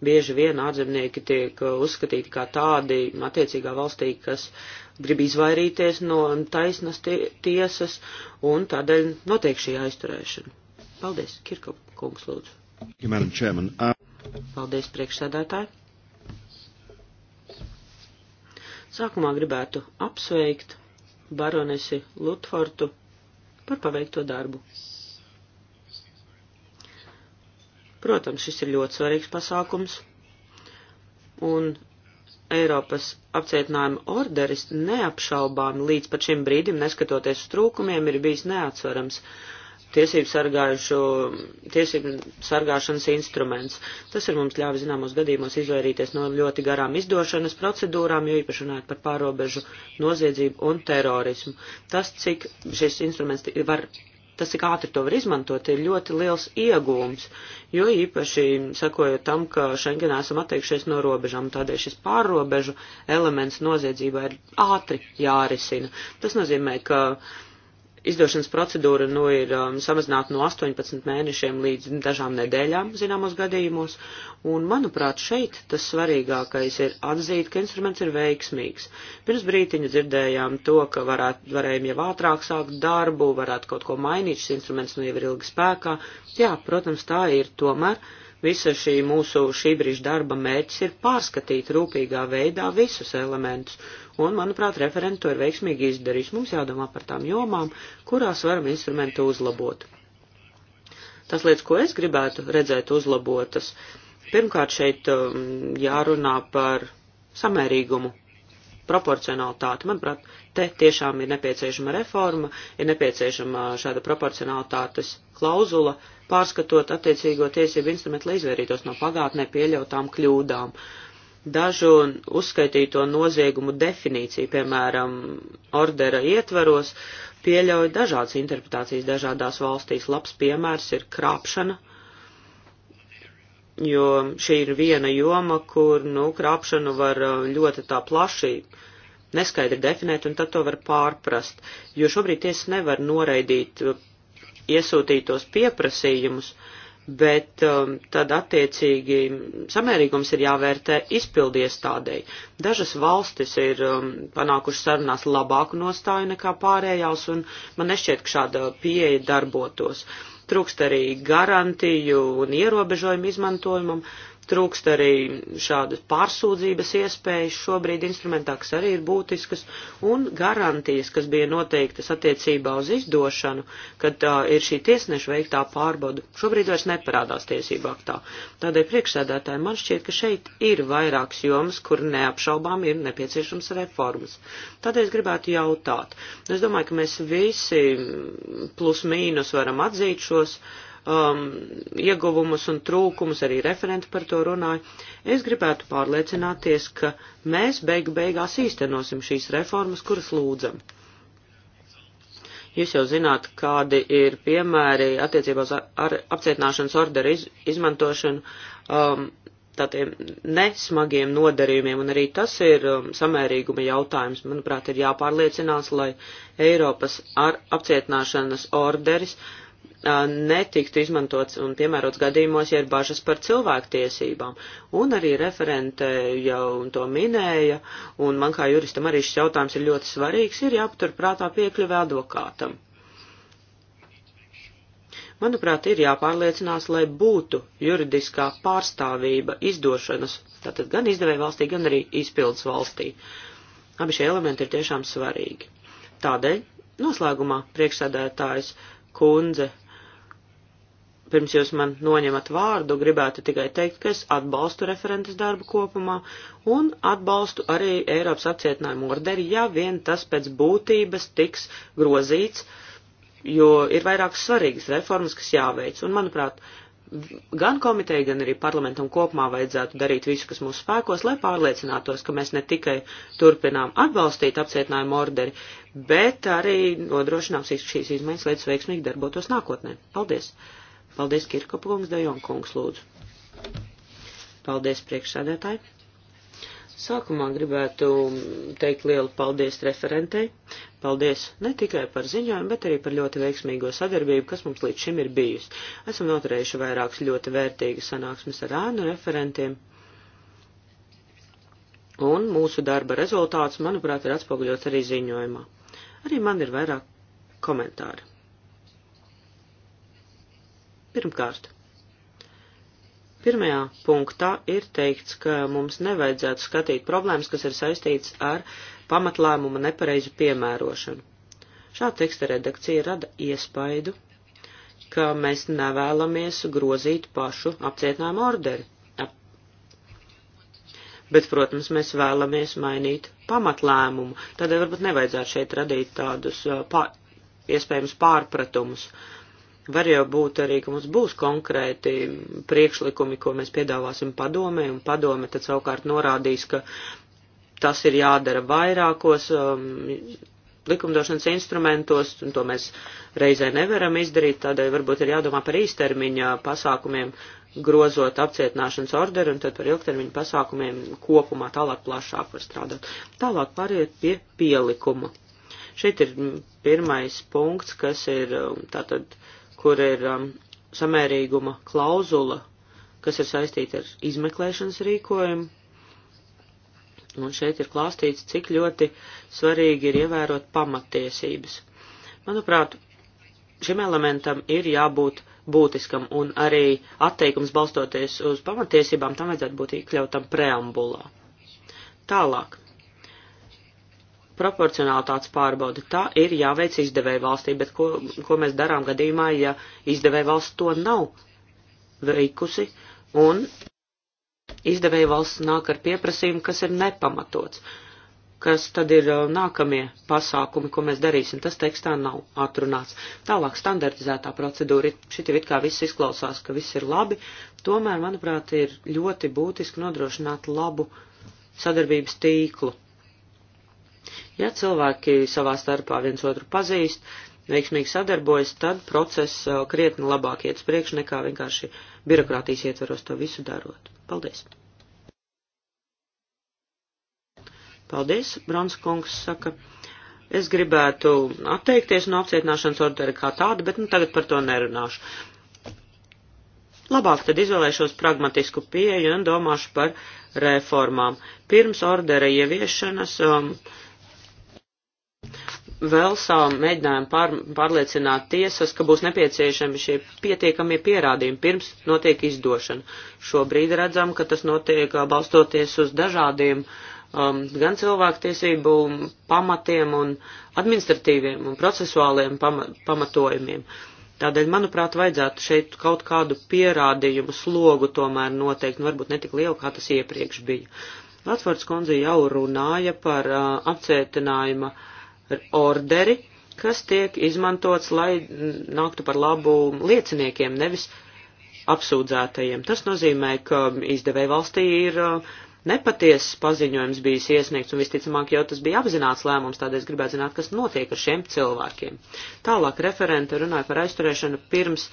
bieži vien ārzemnieki tiek uh, uzskatīti kā tādi attiecīgā valstī, kas grib izvairīties no taisnas tie, tiesas, un tādēļ notiek šī aizturēšana. Paldies, Kirka kungs, lūdzu. Uh, Paldies, priekšsēdētāji. Sākumā gribētu apsveikt baronesi Lutfortu par paveikto darbu. Protams, šis ir ļoti svarīgs pasākums, un Eiropas apcietinājuma orderis neapšaubām līdz pat šim brīdim, neskatoties uz trūkumiem, ir bijis neatsvarams tiesību, sargājušo, tiesību sargāšanas instruments. Tas ir mums ļāva zināmos gadījumos izvairīties no ļoti garām izdošanas procedūrām, jo īpaši runājot par pārobežu noziedzību un terorismu. Tas, cik šis instruments var tas, cik ātri to var izmantot, ir ļoti liels iegūms, jo īpaši sakojot tam, ka Schengenā esam atteikšies no robežām, tādēļ šis pārrobežu elements noziedzībā ir ātri jārisina. Tas nozīmē, ka uh, izdošanas procedūra nu, ir um, samazināta no 18 mēnešiem līdz dažām nedēļām zināmos gadījumos, un, manuprāt, šeit tas svarīgākais ir atzīt, ka instruments ir veiksmīgs. Pirms brītiņa dzirdējām to, ka varēt, varējām jau ātrāk sākt darbu, varētu kaut ko mainīt, šis instruments nu jau ir ilgi spēkā. Jā, protams, tā ir tomēr. Uh, Visa šī mūsu šī brīža darba mērķis ir pārskatīt rūpīgā veidā visus elementus, un, manuprāt, referenti to ir veiksmīgi izdarījis. Mums jādomā par tām jomām, kurās varam instrumentu uzlabot. Tas lietas, ko es gribētu redzēt uzlabotas, pirmkārt šeit um, jārunā par samērīgumu proporcionalitāti. Manuprāt, te tiešām ir nepieciešama reforma, ir nepieciešama šāda proporcionalitātes klauzula, pārskatot attiecīgo tiesību instrumentu, lai izvairītos no pagātnē pieļautām kļūdām. Dažu uzskaitīto noziegumu definīciju, piemēram, ordera ietvaros, pieļauj dažādas interpretācijas dažādās valstīs. Labs piemērs ir krāpšana jo šī ir viena joma, kur, nu, krāpšanu var uh, ļoti tā plaši neskaidri definēt, un tad to var pārprast, jo šobrīd tiesa nevar noraidīt uh, iesūtītos pieprasījumus, bet um, tad attiecīgi samērīgums ir jāvērtē izpildies tādēļ. Dažas valstis ir um, panākušas sarunās labāku nostāju nekā pārējās, un man nešķiet, ka šāda pieeja darbotos. Uh, trūkst arī garantiju un ierobežojumu izmantojumam, trūkst arī šādas pārsūdzības iespējas šobrīd instrumentā, kas arī ir būtiskas, un garantijas, kas bija noteiktas attiecībā uz izdošanu, kad uh, ir šī tiesneša veiktā pārbauda, šobrīd vairs neparādās tiesību aktā. Tādēļ priekšsēdētāji man šķiet, ka šeit ir vairākas jomas, kur neapšaubām ir nepieciešams reformas. Tādēļ es gribētu jautāt. Es domāju, ka mēs visi plus mīnus varam atzīt šos uh, um, ieguvumus un trūkumus, arī referenti par to runāja. Es gribētu pārliecināties, ka mēs beigu beigās īstenosim šīs reformas, kuras lūdzam. Jūs jau zināt, kādi ir piemēri attiecībā uz ar apcietināšanas orderu iz, izmantošanu um, tādiem nesmagiem nodarījumiem, un arī tas ir um, samērīguma jautājums. Manuprāt, ir jāpārliecinās, lai Eiropas ar apcietināšanas orderis uh, netiktu izmantots un piemērots gadījumos, ja ir bažas par cilvēktiesībām. Un arī referente jau to minēja, un man kā juristam arī šis jautājums ir ļoti svarīgs, ir jāpatur prātā piekļuve advokātam. Manuprāt, ir jāpārliecinās, lai būtu juridiskā pārstāvība izdošanas, tātad gan izdevēja valstī, gan arī izpildus valstī. Abi šie elementi ir tiešām svarīgi. Tādēļ, noslēgumā, priekšsēdētājs kundze, pirms jūs man noņemat vārdu, gribētu tikai teikt, ka es atbalstu referentes darbu kopumā un atbalstu arī Eiropas apcietinājumu orderi, ja vien tas pēc būtības tiks grozīts, jo ir vairākas svarīgas reformas, kas jāveic. Un, manuprāt, gan komiteja, gan arī parlamentam kopumā vajadzētu darīt visu, kas mūsu spēkos, lai pārliecinātos, ka mēs ne tikai turpinām atbalstīt apcietinājumu orderi, bet arī nodrošinām šīs izmaiņas, lai tas veiksmīgi darbotos nākotnē. Paldies! Paldies, Kirkopungs, Dajonkungs, lūdzu. Paldies, priekšsādētāji. Sākumā gribētu teikt lielu paldies referentei. Paldies ne tikai par ziņojumu, bet arī par ļoti veiksmīgo sadarbību, kas mums līdz šim ir bijusi. Esam noturējuši vairākas ļoti vērtīgas sanāksmes ar ānu referentiem. Un mūsu darba rezultāts, manuprāt, ir atspoguļots arī ziņojumā. Arī man ir vairāk komentāri. Pirmkārt, pirmajā punktā ir teikts, ka mums nevajadzētu skatīt problēmas, kas ir saistīts ar pamatlēmuma nepareizu piemērošanu. Šāda teksta redakcija rada iespaidu, ka mēs nevēlamies grozīt pašu apcietinājumu orderi. Ap... Bet, protams, mēs vēlamies mainīt pamatlēmumu. Tādēļ varbūt nevajadzētu šeit radīt tādus uh, pār, iespējams pārpratumus. Uh, Var jau būt arī, ka mums būs konkrēti priekšlikumi, ko mēs piedāvāsim padomē, un padome tad savukārt norādīs, ka tas ir jādara vairākos um, likumdošanas instrumentos, un to mēs reizē nevaram izdarīt, tādēļ varbūt ir jādomā par īstermiņa pasākumiem, grozot apcietināšanas orderu, un tad par ilgtermiņa pasākumiem kopumā tālāk plašāk var strādāt. Tālāk pāriet pie pielikuma. Šeit ir pirmais punkts, kas ir um, tātad kur ir um, samērīguma klauzula, kas ir saistīta ar izmeklēšanas rīkojumu. Un šeit ir klāstīts, cik ļoti svarīgi ir ievērot pamatiesības. Manuprāt, šim elementam ir jābūt būtiskam, un arī atteikums balstoties uz pamatiesībām tam vajadzētu būt iekļautam preambulā. Tālāk proporcionālitātes pārbauda, tā ir jāveic izdevēja valstī, bet ko, ko mēs darām gadījumā, ja izdevēja valsts to nav veikusi un izdevēja valsts nāk ar pieprasījumu, kas ir nepamatots, kas tad ir uh, nākamie pasākumi, ko mēs darīsim, tas tekstā nav atrunāts. Tālāk standartizētā procedūra, šitie it kā viss izklausās, ka viss ir labi, tomēr, manuprāt, ir ļoti būtiski nodrošināt labu sadarbības tīklu Ja cilvēki savā starpā viens otru pazīst, veiksmīgi sadarbojas, tad process uh, krietni labāk iet uz priekšu nekā vienkārši birokrātijas ietveros to visu darot. Paldies! Paldies, Bronskungs saka. Es gribētu atteikties no apcietināšanas ordera kā tāda, bet nu, tagad par to nerunāšu. Labāk tad izvēlēšos pragmatisku pieeju un domāšu par reformām. Pirms ordera ieviešanas um, uh, Velsā mēģinājām pār, pārliecināt tiesas, ka būs nepieciešami šie pietiekamie pierādījumi pirms notiek izdošana. Šobrīd redzam, ka tas notiek balstoties uz dažādiem um, gan cilvēktiesību pamatiem un administratīviem un procesuāliem pama, pamatojumiem. Tādēļ, manuprāt, vajadzētu šeit kaut kādu pierādījumu slogu tomēr noteikti, nu, varbūt netik lielu, kā tas iepriekš bija. Latvārds kundze jau runāja par uh, apcietinājuma uh, orderi, kas tiek izmantots, lai nāktu par labu lieciniekiem, nevis apsūdzētajiem. Tas nozīmē, ka izdevēja valstī ir uh, nepatiesas paziņojums bijis iesniegts, un visticamāk jau tas bija apzināts lēmums, tādēļ es gribētu zināt, kas notiek ar šiem cilvēkiem. Tālāk referente runāja par aizturēšanu pirms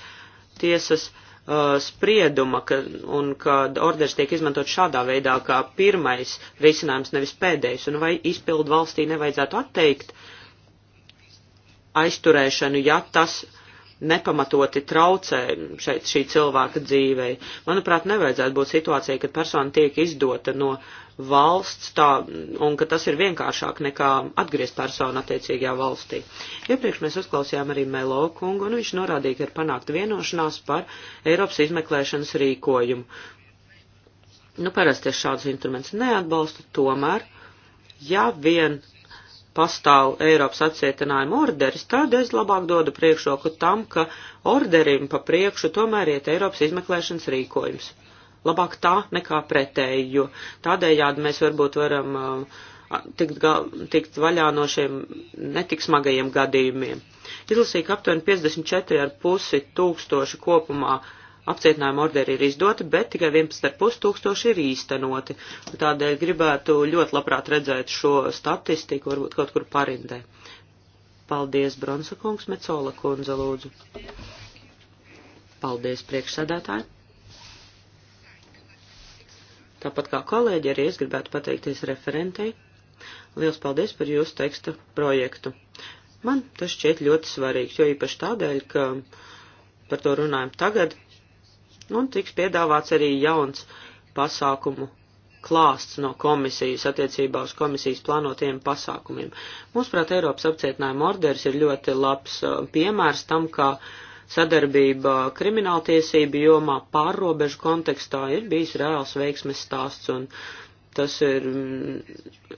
tiesas uh, uh, sprieduma ka, un kad orders tiek izmantot šādā veidā kā pirmais risinājums, nevis pēdējais, un vai izpildu valstī nevajadzētu atteikt aizturēšanu, ja tas uh, nepamatoti traucē šeit šī cilvēka dzīvei. Manuprāt, nevajadzētu būt situācija, kad persona tiek izdota no valsts tā, un ka tas ir vienkāršāk nekā atgriezt personu attiecīgajā valstī. Iepriekš mēs uzklausījām arī Melo kungu, un viņš norādīja, ka ir panākta vienošanās par Eiropas izmeklēšanas rīkojumu. Nu, parasti es šādus instrumentus neatbalstu, tomēr, ja vien pastāv Eiropas atsietinājuma orderis, tad es labāk dodu priekšroku tam, ka orderim pa priekšu tomēr iet Eiropas izmeklēšanas rīkojums. Labāk tā nekā pretēji, jo tādējādi mēs varbūt varam uh, tikt, gal, tikt vaļā no šiem netik smagajiem gadījumiem. Izlasīja aptuveni 54,5 tūkstoši kopumā apcietinājuma orderi ir izdoti, bet tikai 11,5 tūkstoši ir īstenoti. Tādēļ gribētu ļoti labprāt redzēt šo statistiku, varbūt kaut kur parindē. Paldies, Bronsa kungs, Mecola kundze, lūdzu. Paldies, priekšsēdētāji. Tāpat kā kolēģi, arī es gribētu pateikties referentei. Liels paldies par jūsu teksta projektu. Man tas šķiet ļoti svarīgs, jo īpaši tādēļ, ka par to runājam tagad, Un tiks piedāvāts arī jauns pasākumu klāsts no komisijas attiecībā uz komisijas plānotiem pasākumiem. Mūsuprāt, Eiropas apcietinājuma orders ir ļoti labs uh, piemērs tam, kā sadarbība krimināltiesību jomā pārrobežu kontekstā ir bijis reāls veiksmes stāsts, un tas ir mm,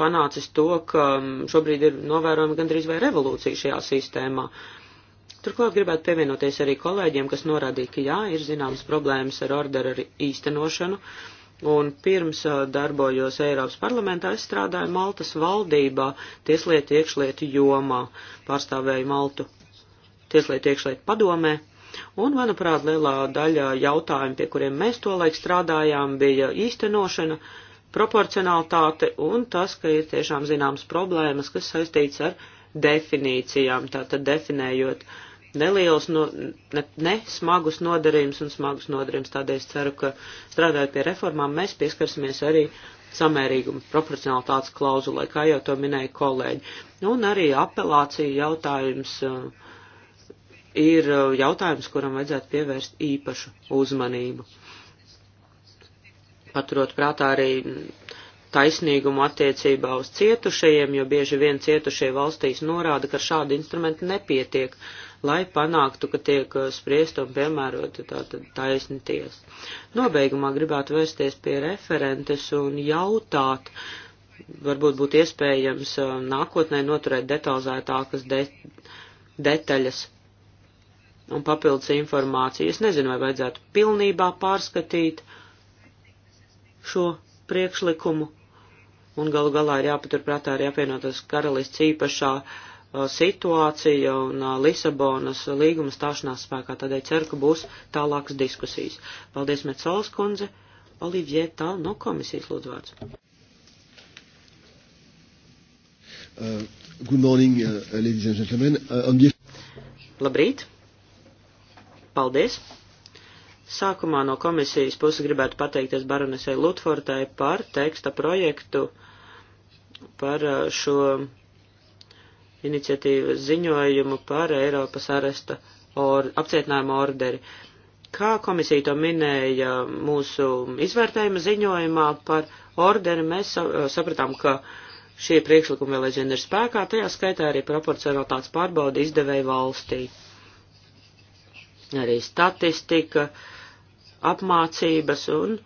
panācis to, ka mm, šobrīd ir novērojama gandrīz vai revolūcija šajā sistēmā. Uh, Turklāt gribētu pievienoties arī kolēģiem, kas norādīja, ka jā, ir zināmas problēmas ar orderu īstenošanu, un pirms uh, darbojos Eiropas parlamentā, es strādāju Maltas valdībā tieslietu iekšlietu jomā, pārstāvēju Maltu tieslietu iekšlietu padomē, un, manuprāt, lielā daļa jautājumu, pie kuriem mēs to laik strādājām, bija īstenošana, proporcionalitāte un tas, ka ir tiešām zināmas problēmas, kas saistīts ar definīcijām, tātad definējot uh, nelielus, no, ne, ne smagus nodarījumus un smagus nodarījumus. Tādēļ es ceru, ka strādājot pie reformām, mēs pieskarsimies arī samērīguma proporcionalitātes klauzulai, kā jau to minēja kolēģi. Nu, un arī apelācija jautājums uh, ir uh, jautājums, kuram vajadzētu pievērst īpašu uzmanību. Paturot prātā arī mm, taisnīgumu attiecībā uz cietušajiem, jo bieži vien cietušie valstīs norāda, ka šādi instrumenti nepietiek. Uh, lai panāktu, ka tiek uh, spriest un piemērota tāda taisni tiesa. Nobeigumā gribētu vērsties pie referentes un jautāt, varbūt būtu iespējams uh, nākotnē noturēt detalizētākas de detaļas un papildus informāciju. Es nezinu, vai vajadzētu pilnībā pārskatīt šo priekšlikumu, un galu galā ir jāpaturprātā arī apvienotās karalists īpašā uh, Uh, situācija un uh, Lisabonas līguma stāšanās spēkā. Tādēļ ceru, ka būs tālākas diskusijas. Paldies, Metsolas kundze. Olivier Tal no komisijas lūdzu vārds. Uh, good morning, uh, ladies and gentlemen. Uh, on... Labrīt. Paldies. Sākumā no komisijas puses gribētu pateikties baronesei Lutfortai par teksta projektu, par uh, šo iniciatīvas ziņojumu par Eiropas aresta or, apcietinājumu orderi. Kā komisija to minēja mūsu izvērtējuma ziņojumā par orderi, mēs sapratām, ka šie priekšlikumi vēl aizvien ir spēkā, tajā skaitā arī proporcionalitātes pārbauda izdevēja valstī. Arī statistika, apmācības un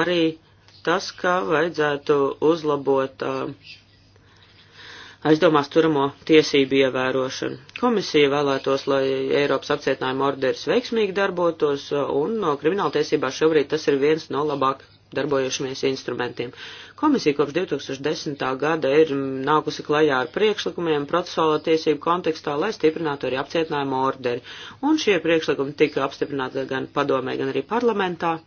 arī tas, ka vajadzētu uzlabot uh, aizdomās turamo tiesību ievērošanu. Komisija vēlētos, lai Eiropas apcietinājuma orders veiksmīgi darbotos, un no krimināltiesībās šobrīd tas ir viens no labāk darbojušamies instrumentiem. Komisija kopš 2010. gada ir nākusi klajā ar priekšlikumiem procesuālā tiesību kontekstā, lai stiprinātu arī apcietinājumu orderi, un šie priekšlikumi tika apstiprināti gan padomē, gan arī parlamentā.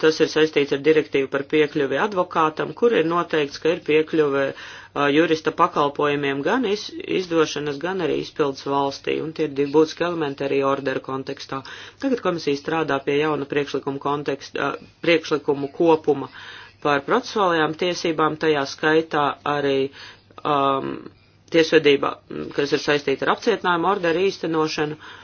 Tas ir saistīts ar direktīvu par piekļuvi advokātam, kur ir noteikts, ka ir piekļuve uh, jurista pakalpojumiem gan iz, izdošanas, gan arī izpildes valstī, un tie ir divi būtiski elementi arī orderu kontekstā. Tagad komisija strādā pie jauna priekšlikumu, konteksta, uh, priekšlikumu kopuma par procesuālajām tiesībām, tajā skaitā arī um, tiesvedība, kas ir saistīta ar apcietinājumu orderu īstenošanu. Uh,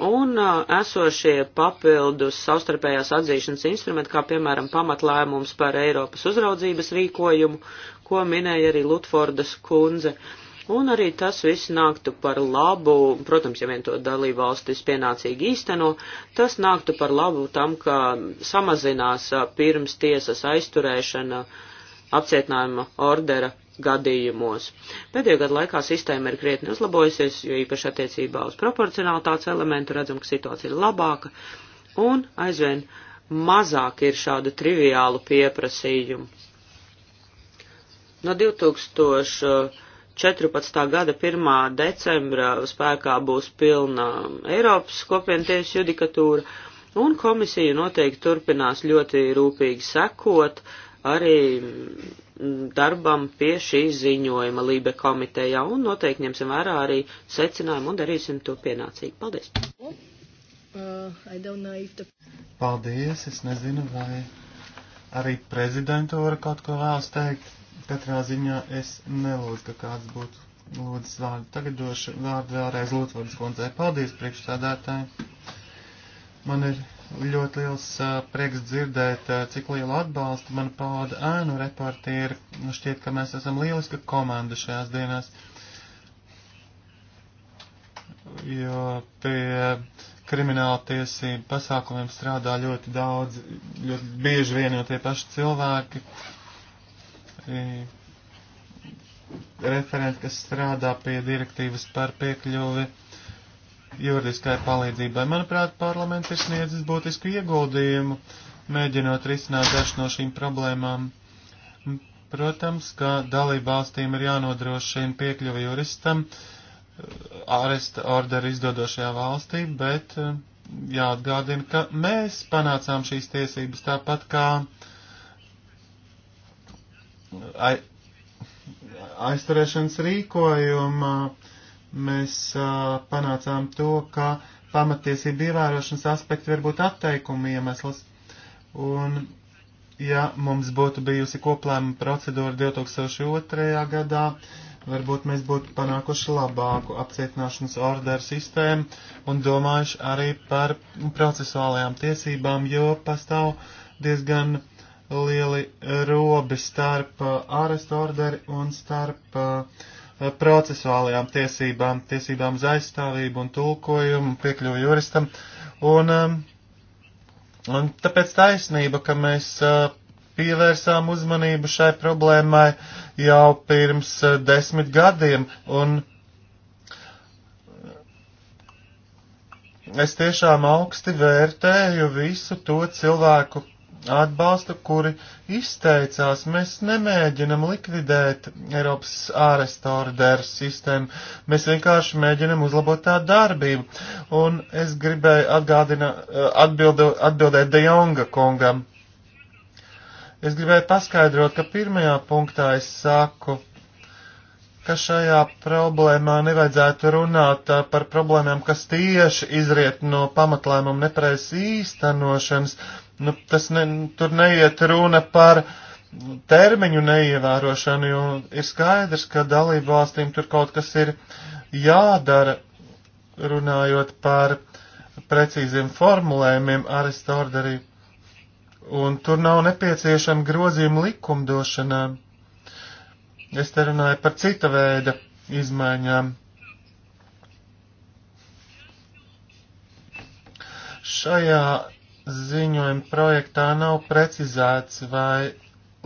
Un esošie papildus savstarpējās atzīšanas instrumenti, kā piemēram pamatlēmums par Eiropas uzraudzības rīkojumu, ko minēja arī Lutfordas kundze. Un arī tas viss nāktu par labu, protams, ja vien to dalībvalstis pienācīgi īsteno, tas nāktu par labu tam, ka samazinās pirms tiesas aizturēšana apcietinājuma ordera gadījumos. Pēdējo gadu laikā sistēma ir krietni uzlabojusies, jo īpaši attiecībā uz proporcionalitātes elementu redzam, ka situācija ir labāka un aizvien mazāk ir šādu triviālu pieprasījumu. No 2000. 14. gada 1. decembra spēkā būs pilna Eiropas kopienu tiesu judikatūra, un komisija noteikti turpinās ļoti rūpīgi sekot arī darbam pie šī ziņojuma Lībe komitejā un noteikti ņemsim vērā arī secinājumu un darīsim to pienācīgi. Paldies! Paldies! Es nezinu, vai arī prezidentūra kaut ko vēlas teikt. Katrā ziņā es nelūdzu, ka kāds būtu lūdzis vārdu. Tagad došu vārdu vēlreiz Lūtvārdas kundzei. Paldies, priekšstādātāji! Man ir Ļoti liels prieks dzirdēt, cik lielu atbalstu man pauda ēnu reportieri. Nu, šķiet, ka mēs esam lieliska komanda šajās dienās. Jo pie krimināla tiesību pasākumiem strādā ļoti daudz, ļoti bieži vien jau tie paši cilvēki. Referenti, kas strādā pie direktīvas par piekļuvi juridiskai palīdzībai. Manuprāt, parlaments ir sniedzis būtisku ieguldījumu, mēģinot risināt dažu no šīm problēmām. Protams, ka dalību valstīm ir jānodrošina piekļuvi juristam āresta orderu izdodošajā valstī, bet eh, jāatgādina, ka mēs panācām šīs tiesības tāpat kā aizturēšanas rīkojuma uh, mēs uh, panācām to, ka pamatiesība ievērošanas aspekti var būt atteikuma iemesls. Un, ja mums būtu bijusi koplēma procedūra 2002. gadā, varbūt mēs būtu panākuši labāku apcietināšanas orderu sistēmu un domājuši arī par procesuālajām tiesībām, jo pastāv diezgan lieli robi starp arestu orderi un starp uh, procesuālajām tiesībām, tiesībām uz aizstāvību un tulkojumu, piekļuvu juristam. Un, um, un tāpēc taisnība, ka mēs uh, pievērsām uzmanību šai problēmai jau pirms uh, desmit gadiem. Un es tiešām augsti vērtēju visu to cilvēku atbalstu, kuri izteicās. Mēs nemēģinam likvidēt Eiropas ārestu orderu sistēmu, mēs vienkārši mēģinam uzlabot tā darbību. Un es gribēju atgādina, atbildu, atbildēt De Jonga kungam. Es gribēju paskaidrot, ka pirmajā punktā es saku, ka šajā problēmā nevajadzētu runāt uh, par problēmām, kas tieši izriet no pamatlēmumu nepareizas īstenošanas. Uh, nu, tas ne, tur neiet runa par termiņu neievērošanu, jo ir skaidrs, ka dalību valstīm tur kaut kas ir jādara, runājot par precīziem formulējumiem aristorderī. Un tur nav nepieciešama grozījuma likumdošanā. Es te runāju par cita veida izmaiņām. Šajā ziņojuma projektā nav precizēts, vai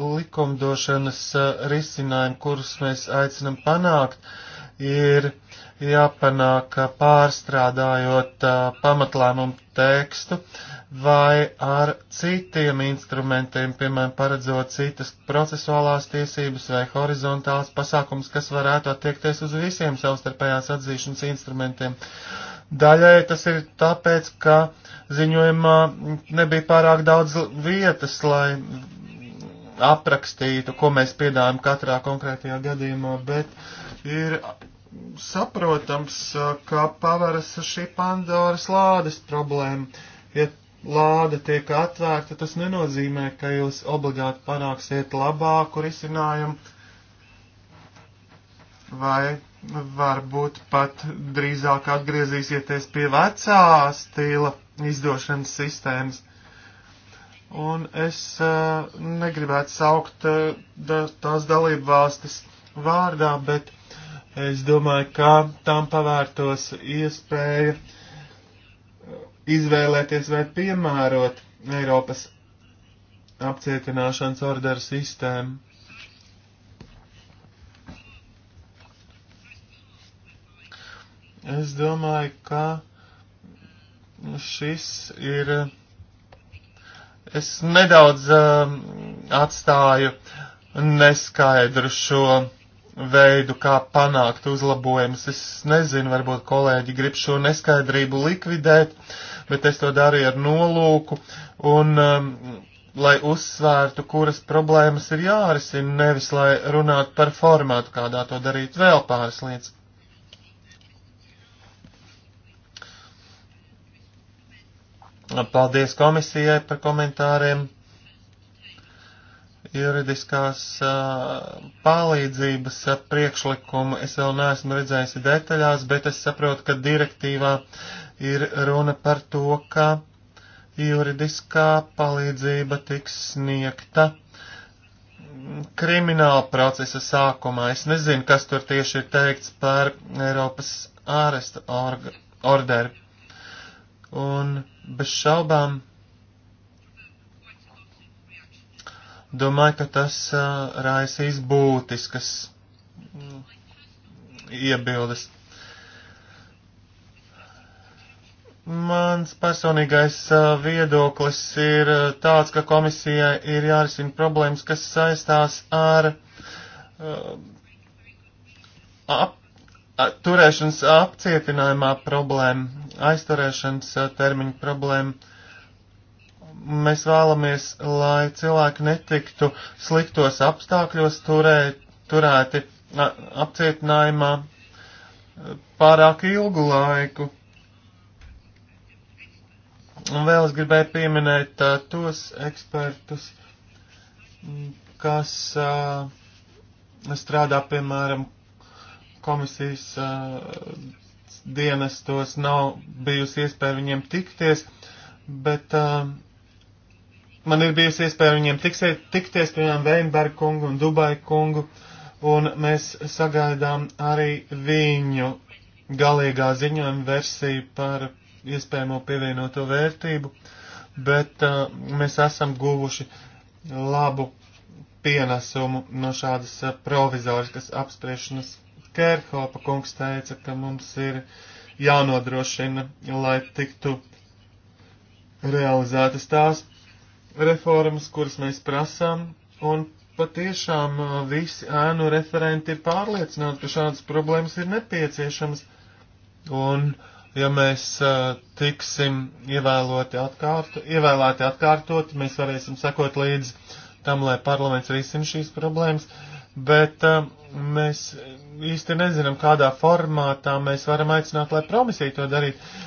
likumdošanas uh, risinājumi, kurus mēs aicinam panākt, ir jāpanāk uh, pārstrādājot uh, pamatlēmumu tekstu vai ar citiem instrumentiem, piemēram, paredzot citas procesuālās tiesības vai horizontāls pasākums, kas varētu attiekties uz visiem savstarpējās atzīšanas instrumentiem. Uh, Daļai tas ir tāpēc, ka ziņojumā nebija pārāk daudz vietas, lai aprakstītu, ko mēs piedāvājam katrā konkrētajā gadījumā, bet ir saprotams, ka pavaras šī Pandoras lādes problēma. Ja lāde tiek atvērta, tas nenozīmē, ka jūs obligāti panāksiet labāku risinājumu vai varbūt pat drīzāk atgriezīsieties pie vecā stila izdošanas sistēmas. Un es uh, negribētu saukt uh, da, tās dalību valstis vārdā, bet es domāju, ka tam pavērtos iespēja eh, izvēlēties vai piemērot Eiropas apcietināšanas orderu sistēmu. Es domāju, ka šis ir. Es nedaudz uh, atstāju neskaidru šo veidu, kā panākt uzlabojumus. Es nezinu, varbūt kolēģi grib šo neskaidrību likvidēt, bet es to darīju ar nolūku un um, lai uzsvērtu, kuras problēmas ir jārisina, nevis lai runātu par formātu, kādā to darīt vēl pāris lietas. Paldies komisijai par komentāriem. Juridiskās palīdzības priekšlikumu es vēl neesmu redzējusi detaļās, bet es saprotu, ka direktīvā ir runa par to, ka juridiskā palīdzība tiks sniegta krimināla procesa sākumā. Es nezinu, kas tur tieši ir teikts par Eiropas ārestu orderu un bez šaubām domāju, ka tas uh, raisīs būtiskas mm, iebildes. Mans personīgais uh, viedoklis ir uh, tāds, ka komisijai ir jārisina problēmas, kas saistās ar uh, ap, turēšanas apcietinājumā problēma, aizturēšanas termiņa problēma. Mēs vēlamies, lai cilvēki netiktu sliktos apstākļos turē, turēti apcietinājumā pārāk ilgu laiku. Un vēl es gribēju pieminēt uh, tos ekspertus, kas uh, strādā, piemēram, komisijas uh, dienestos nav bijusi iespēja viņiem tikties, bet uh, man ir bijusi iespēja viņiem tiksē, tikties, piemēram, Veinberg kungu un Dubai kungu, un mēs sagaidām arī viņu galīgā ziņojuma versiju par iespējamo pievienoto vērtību, bet uh, mēs esam guvuši labu pienesumu no šādas uh, provizoriskas apspriešanas Kērhopa kungs teica, ka mums ir jānodrošina, lai tiktu realizētas tās reformas, kuras mēs prasām, un patiešām uh, visi ēnu referenti ir pārliecināti, ka šādas problēmas ir nepieciešamas. Un, ja mēs uh, tiksim ievēloti atkārto, ievēlēti atkārtot, mēs varēsim sekot līdz tam, lai parlaments risina šīs problēmas. Uh, bet uh, mēs īsti nezinām, kādā formātā mēs varam aicināt, lai promisija to darītu.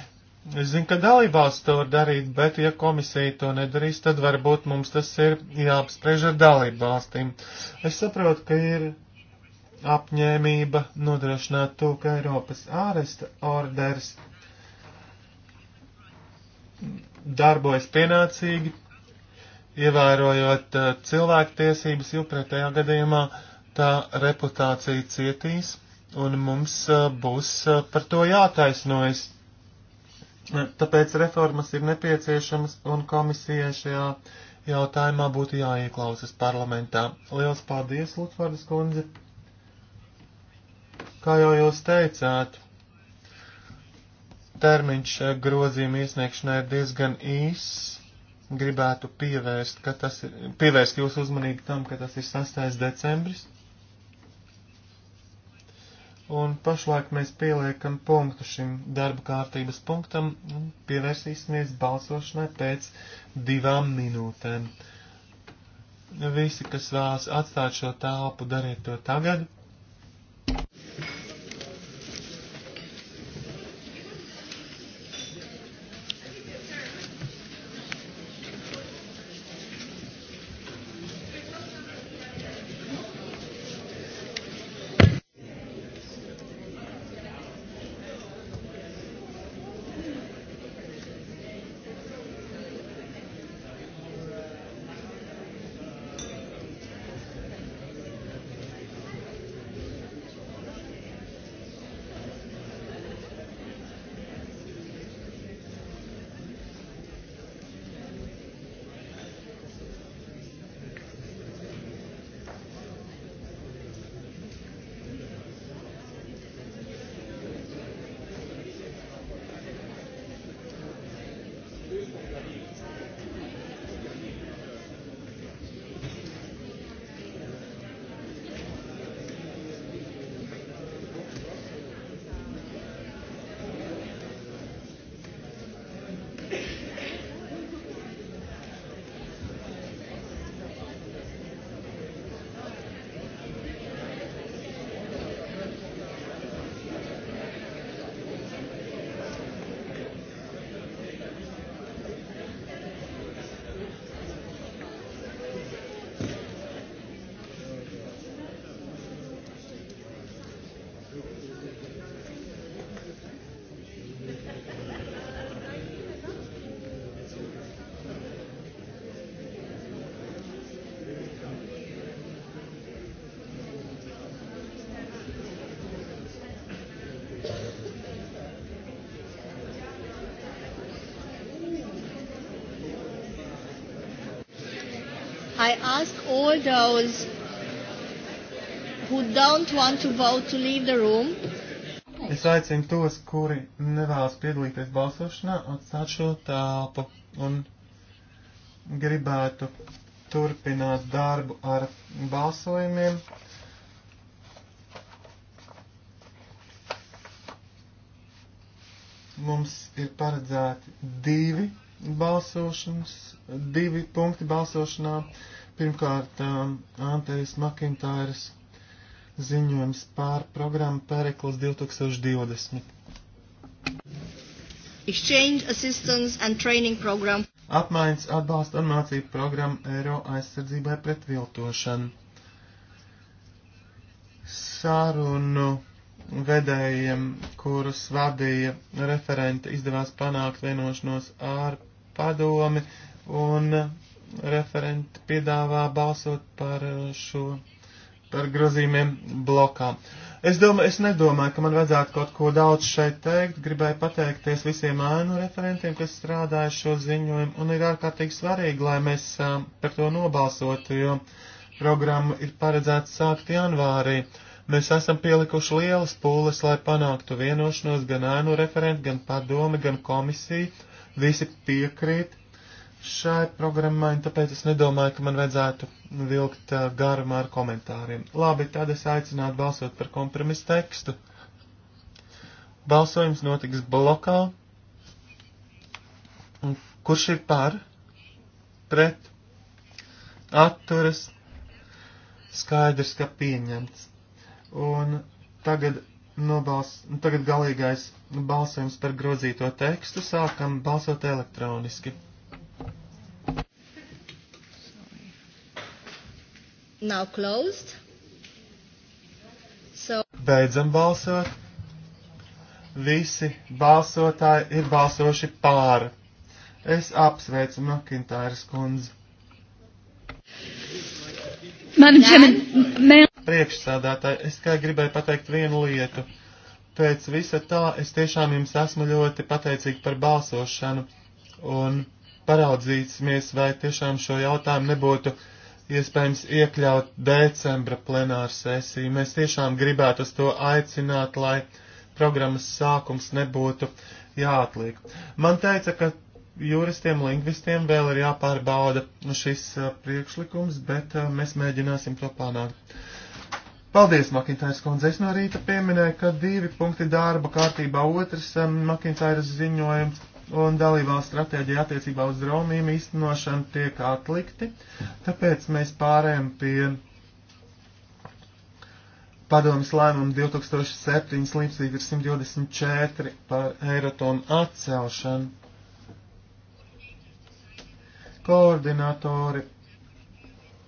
Es zinu, ka dalībvalsts to var darīt, bet ja komisija to nedarīs, tad varbūt mums tas ir jāapspriež ar dalībvalstīm. Es saprotu, ka ir apņēmība nodrošināt to, ka Eiropas āresta orders darbojas pienācīgi, ievērojot eh, cilvēktiesības, jo pretējā gadījumā uh, tā reputācija cietīs, un mums būs par to jātaisnojas. Tāpēc reformas ir nepieciešamas, un komisijai šajā jautājumā būtu jāieklausas parlamentā. Liels paldies, Lutvārdas kundze! Kā jau jūs teicāt, termiņš grozījuma iesniegšanai ir diezgan īss. Gribētu pievērst, tas, pievērst jūsu uzmanību tam, ka tas ir 6. decembris un pašlaik mēs pieliekam punktu šim darba kārtības punktam un pievērsīsimies balsošanai pēc divām minūtēm. Visi, kas vēlas atstāt šo telpu, dariet to tagad. ask all those who don't want to vote to leave the room. Es aicinu tos, kuri nevēlas piedalīties balsošanā, atstāt šo telpu un gribētu turpināt darbu ar balsojumiem. Mums ir paredzēti divi balsošanas, divi punkti balsošanā. Uh, Pirmkārt, um, Antejas Makintāras ziņojums pār programmu Pēreklis 2020. Exchange Assistance and Training Program. Apmaiņas atbalsta un mācību programma Eiro aizsardzībai pret viltošanu. Sārunu vedējiem, kurus vadīja referente, izdevās panākt vienošanos ar padomi un referenti piedāvā balsot par uh, šo, par grozījumiem blokā. Es domāju, es nedomāju, ka man vajadzētu kaut ko daudz šeit teikt. Gribēju pateikties visiem ēnu referentiem, kas strādāja šo ziņojumu, un ir ārkārtīgi svarīgi, lai mēs a, uh, par to nobalsotu, jo programma ir paredzēta sākt janvārī. Mēs esam pielikuši lielas pūles, lai panāktu vienošanos gan ēnu referenti, gan padome, gan komisija. Visi piekrīt, šai programmai, tāpēc es nedomāju, ka man vajadzētu vilkt uh, garumā ar komentāriem. Labi, tad es aicinātu balsot par kompromisu tekstu. Balsojums notiks blokā. Kurš ir par? Pret? Atturas? Skaidrs, ka pieņemts. Un tagad nobals, tagad galīgais balsojums par grozīto tekstu sākam balsot elektroniski. Now closed. So. Beidzam balsot. Visi balsotāji ir balsojuši pār. Es apsveicu Makintāras kundzi. Man ģimene. Priekšsādātāji, es tikai gribēju pateikt vienu lietu. Pēc visa tā es tiešām jums esmu ļoti pateicīgi par balsošanu un paraudzīsimies, vai tiešām šo jautājumu nebūtu iespējams iekļaut decembra plenāru sesiju. Mēs tiešām gribētu uz to aicināt, lai programmas sākums nebūtu jāatliek. Man teica, ka juristiem, lingvistiem vēl ir jāpārbauda šis uh, priekšlikums, bet uh, mēs mēģināsim to panākt. Paldies, Makintājas kundze. Es no rīta pieminēju, ka divi punkti darba kārtībā, otrs um, Makintājas ziņojums un dalībvalsts stratēģija attiecībā uz droniem īstenošanu tiek atlikti, tāpēc mēs pārējām pie padomjas lēmumu 2007 līdzīgi ir 124 par Eirotonu atcelšanu. Koordinatori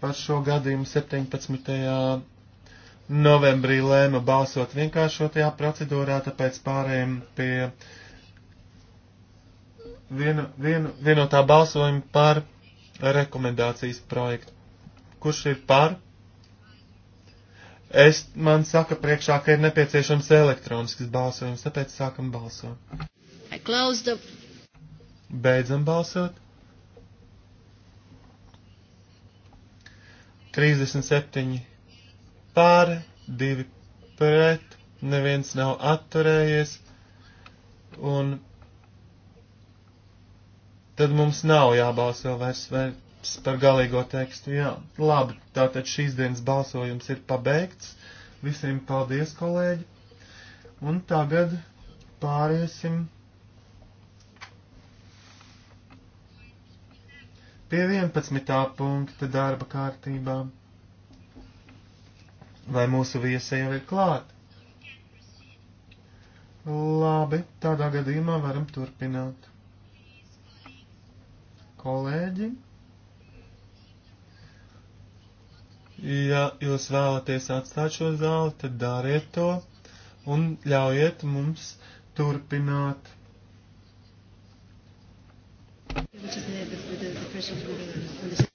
par šo gadījumu 17. novembrī lēma balsot vienkāršotajā procedūrā, tāpēc pārējiem pie vienu, vienu, vienotā balsojuma par rekomendācijas projektu. Kurš ir par? Es, man saka priekšā, ka ir nepieciešams elektronisks balsojums, tāpēc sākam balsot. The... Beidzam balsot. 37 pār, 2 pret, neviens nav atturējies, un tad mums nav jābalso vairs, vairs par galīgo tekstu. Jā, labi, tātad šīs dienas balsojums ir pabeigts. Visiem paldies, kolēģi! Un tagad pāriesim pie 11. punkta darba kārtībā. Vai mūsu viesa jau ir klāta? Labi, tādā gadījumā varam turpināt kolēģi. Ja jūs vēlaties atstāt šo zāli, tad dariet to un ļaujiet mums turpināt. Which is the, the, the, the pressure on the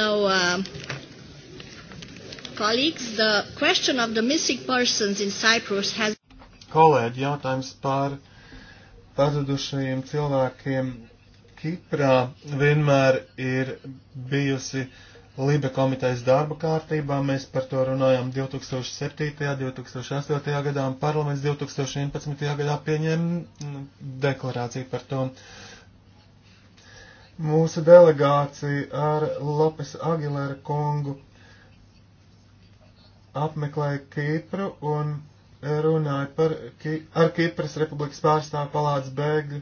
So, uh, colleagues, the question of the missing persons in Cyprus has. Kolēģi, jautājums par pazudušajiem cilvēkiem Kiprā vienmēr ir bijusi Libe komitejas darba kārtībā. Mēs par to runājām 2007. 2008. gadā un parlaments 2011. gadā pieņēma mm, deklarāciju par to. Uh, mūsu delegācija ar Lopes Agilēra kungu apmeklēja Kipru un runāja par, ki, ar Kipras republikas pārstāvu palādes bēgļu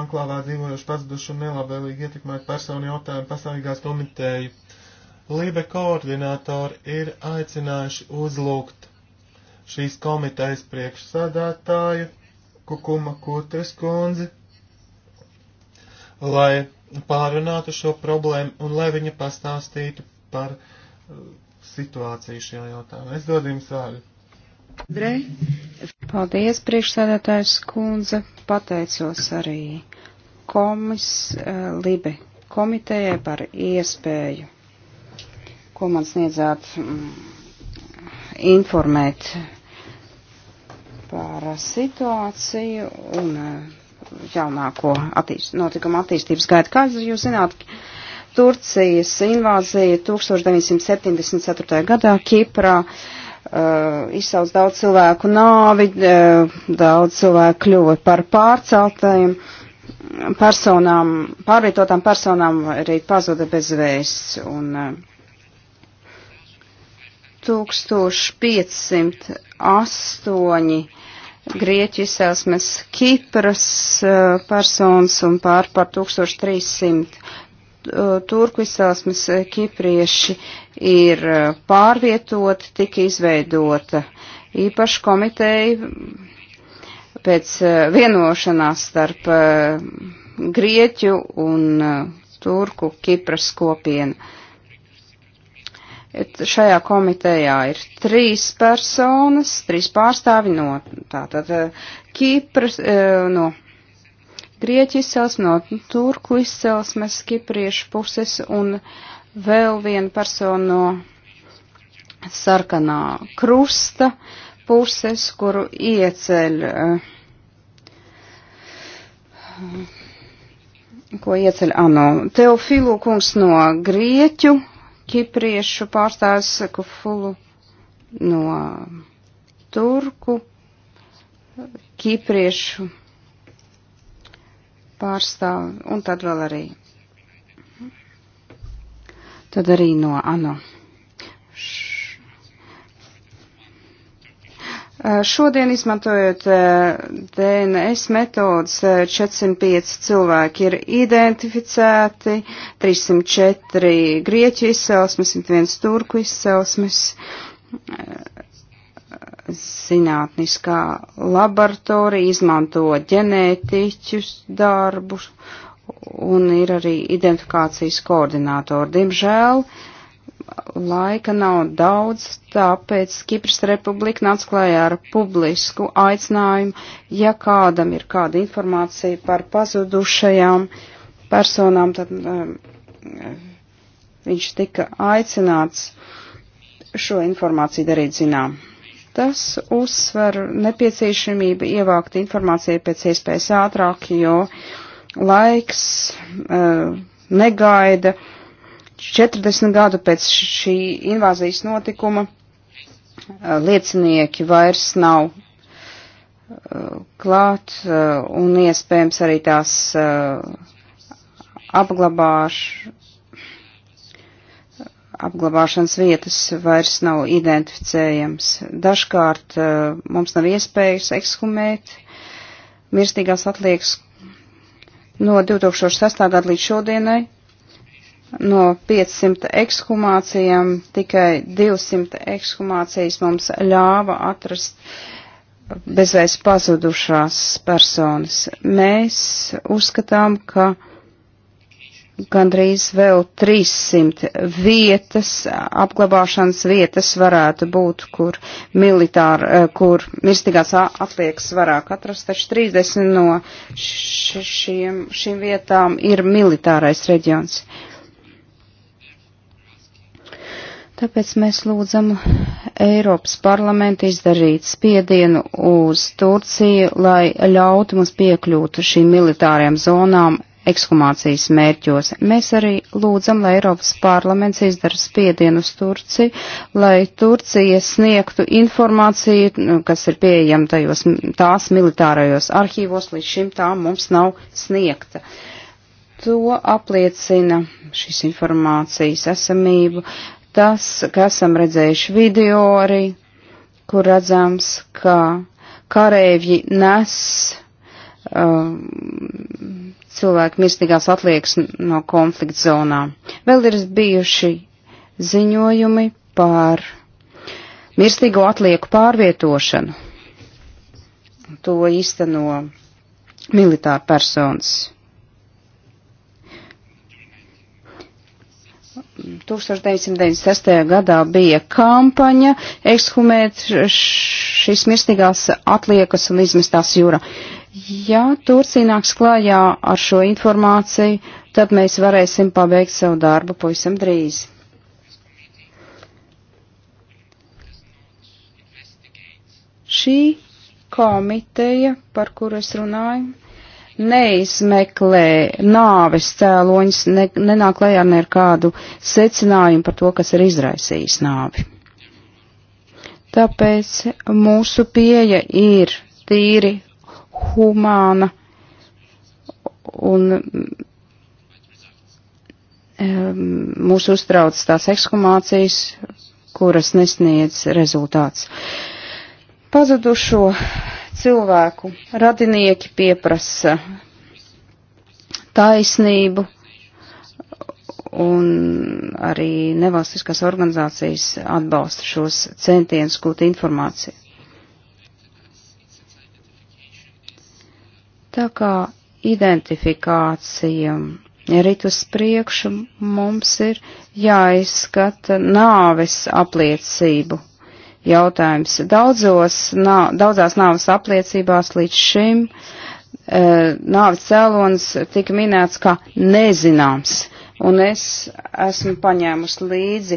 anklāvā dzīvojuši pazuduši un nelabvēlīgi ietekmēt personu jautājumu pastāvīgās komiteju. Lībe koordinātori ir aicinājuši uzlūgt šīs komitejas priekšsādātāju Kukuma Kutras kundzi, lai pārunātu šo problēmu un lai viņa pastāstītu par uh, situāciju šajā jautājumā. Es dodu jums vārdu. Drei. Paldies, priekšsēdētājs kundze. Pateicos arī komis, uh, Libe komitejai par iespēju, ko man sniedzāt um, informēt par situāciju un uh, jaunāko attīst, notikumu attīstības gaitu. Kā jūs zināt, Turcijas invāzija 1974. gadā Kiprā uh, izsauc daudz cilvēku nāvi, uh, daudz cilvēku kļuva par pārceltajiem personām, pārvietotām personām arī pazuda bez vēsts. Un, uh, 1508 Grieķu izcelsmes Kipras eh, personas un pār par 1300 eh, turku izcelsmes eh, kiprieši ir pārvietoti, tika izveidota īpaša komiteja pēc vienošanās starp Grieķu un Turku Kipras kopienu Šajā komitejā ir trīs personas, trīs pārstāvi no tātad eh, Kipras, eh, no Grieķu izcelsmes, no Turku izcelsmes, Kipriešu puses un vēl viena persona no sarkanā krusta puses, kuru ieceļ, eh, ko ieceļ ano. Ah, Teofilu kungs no Grieķu Kipriešu pārstāvis Kufulu no Turku, Kipriešu pārstāvi un tad vēl arī. Tad arī no ANO. Eh, šodien izmantojot eh, DNS metodas, 405 eh, cilvēki ir identificēti, 304 grieķu izcelsmes, 101 turku izcelsmes, zinātniskā laboratorija izmanto ģenētiķus darbus un ir arī identifikācijas koordinātori. Diemžēl uh, laika nav daudz, tāpēc Kipras republika nāca klājā ar publisku aicinājumu, ja kādam ir kāda informācija par pazudušajām personām, tad um, viņš tika aicināts šo informāciju darīt zinām. Tas uzsver nepieciešamību ievākt informāciju pēc iespējas ātrāk, jo laiks uh, negaida. Uh, 40 gadu pēc šī invāzijas notikuma liecinieki vairs nav klāt un iespējams arī tās apglabāš, apglabāšanas vietas vairs nav identificējams. Dažkārt mums nav iespējas ekshumēt mirstīgās atliekas no 2006. gada līdz šodienai No 500 ekshumācijām tikai 200 ekshumācijas mums ļāva atrast bezvēs pazudušās personas. Mēs uzskatām, ka gandrīz vēl 300 vietas, apglabāšanas vietas varētu būt, kur militāri, eh, kur mirstīgās atliekas varētu atrast, taču 30 no šiem, šīm vietām ir militārais reģions. Uh, Tāpēc mēs lūdzam Eiropas parlamentu izdarīt spiedienu uz Turciju, lai ļautu mums piekļūt šīm militārajām zonām ekshumācijas mērķos. Mēs arī lūdzam, lai Eiropas parlaments izdara spiedienu uz Turciju, lai Turcija sniegtu informāciju, nu, kas ir pieejama tajos tās militārajos arhīvos, līdz šim tā mums nav sniegta. To apliecina šīs informācijas esamību Tas, ka esam redzējuši video arī, kur redzams, ka karēvji nes um, cilvēku mirstīgās atliekas no konflikta zonām. Vēl ir bijuši ziņojumi par mirstīgo atlieku pārvietošanu. To īsteno militāra personas. 1996. gadā bija kampaņa ekshumēt šīs mirstīgās atliekas un izmestās jūra. Ja Turcija nāks klājā ar šo informāciju, tad mēs varēsim pabeigt savu darbu pavisam drīz. Šī komiteja, par kuru es runāju, neizmeklē nāves cēloņus, ne, nenāk lejā ne ar kādu secinājumu par to, kas ir izraisījis nāvi. Tāpēc mūsu pieeja ir tīri humāna un um, mūs uztrauc tās ekshumācijas, kuras nesniedz rezultāts. Pazudušo cilvēku radinieki pieprasa taisnību un arī nevalstiskās organizācijas atbalsta šos centienus gūt informāciju. Tā kā identifikācija rit uz priekšu, mums ir jāizskata nāves apliecību jautājums. Daudzos, nav, daudzās nāvas apliecībās līdz šim uh, nāves cēlonis tika minēts kā nezināms. Un es esmu paņēmusi līdzi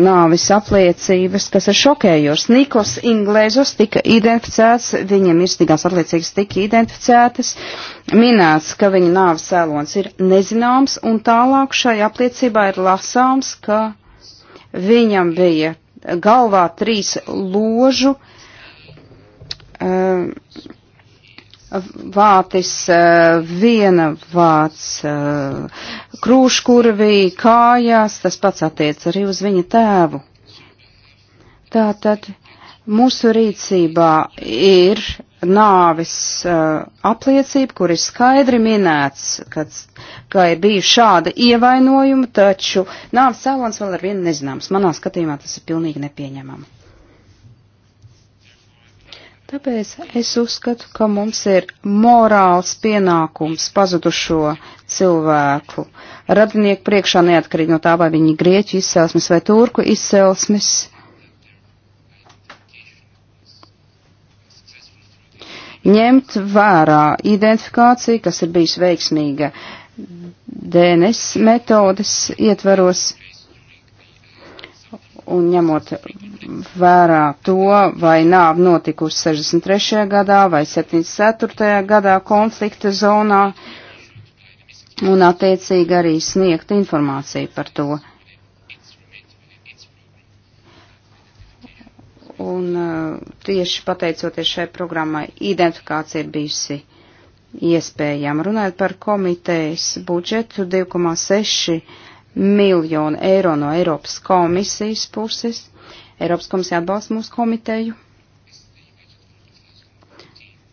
nāvis apliecības, kas ir šokējošas. Nikos Inglēzos tika identificēts, viņam mirstīgās apliecības tika identificētas, minēts, ka viņa nāvis cēlons ir nezināms, un tālāk šai apliecībā ir lasāms, ka viņam bija galvā trīs ložu eh, vātis, eh, viena vāc eh, krūškurvī, kājās, tas pats attiec arī uz viņa tēvu. Tātad mūsu rīcībā ir nāvis uh, apliecība, kur ir skaidri minēts, kad, ka ir bijuši šādi ievainojumi, taču nāvis cēlons vēl ar vienu nezināms. Manā skatījumā tas ir pilnīgi nepieņemama. Tāpēc es uzskatu, ka mums ir morāls pienākums pazudušo cilvēku radinieku priekšā neatkarīgi no tā, vai viņi grieķu izcelsmes vai turku izcelsmes ņemt vērā identifikāciju, kas ir bijis veiksmīga DNS metodes ietvaros un ņemot vērā to, vai nāve notikusi 63. gadā vai 74. gadā konflikta zonā un attiecīgi arī sniegt informāciju par to. Un uh, tieši pateicoties šai programmai, identifikācija ir bijusi iespējama. Runājot par komitejas budžetu, 2,6 miljonu eiro no Eiropas komisijas puses. Eiropas komisija atbalsta mūsu komiteju.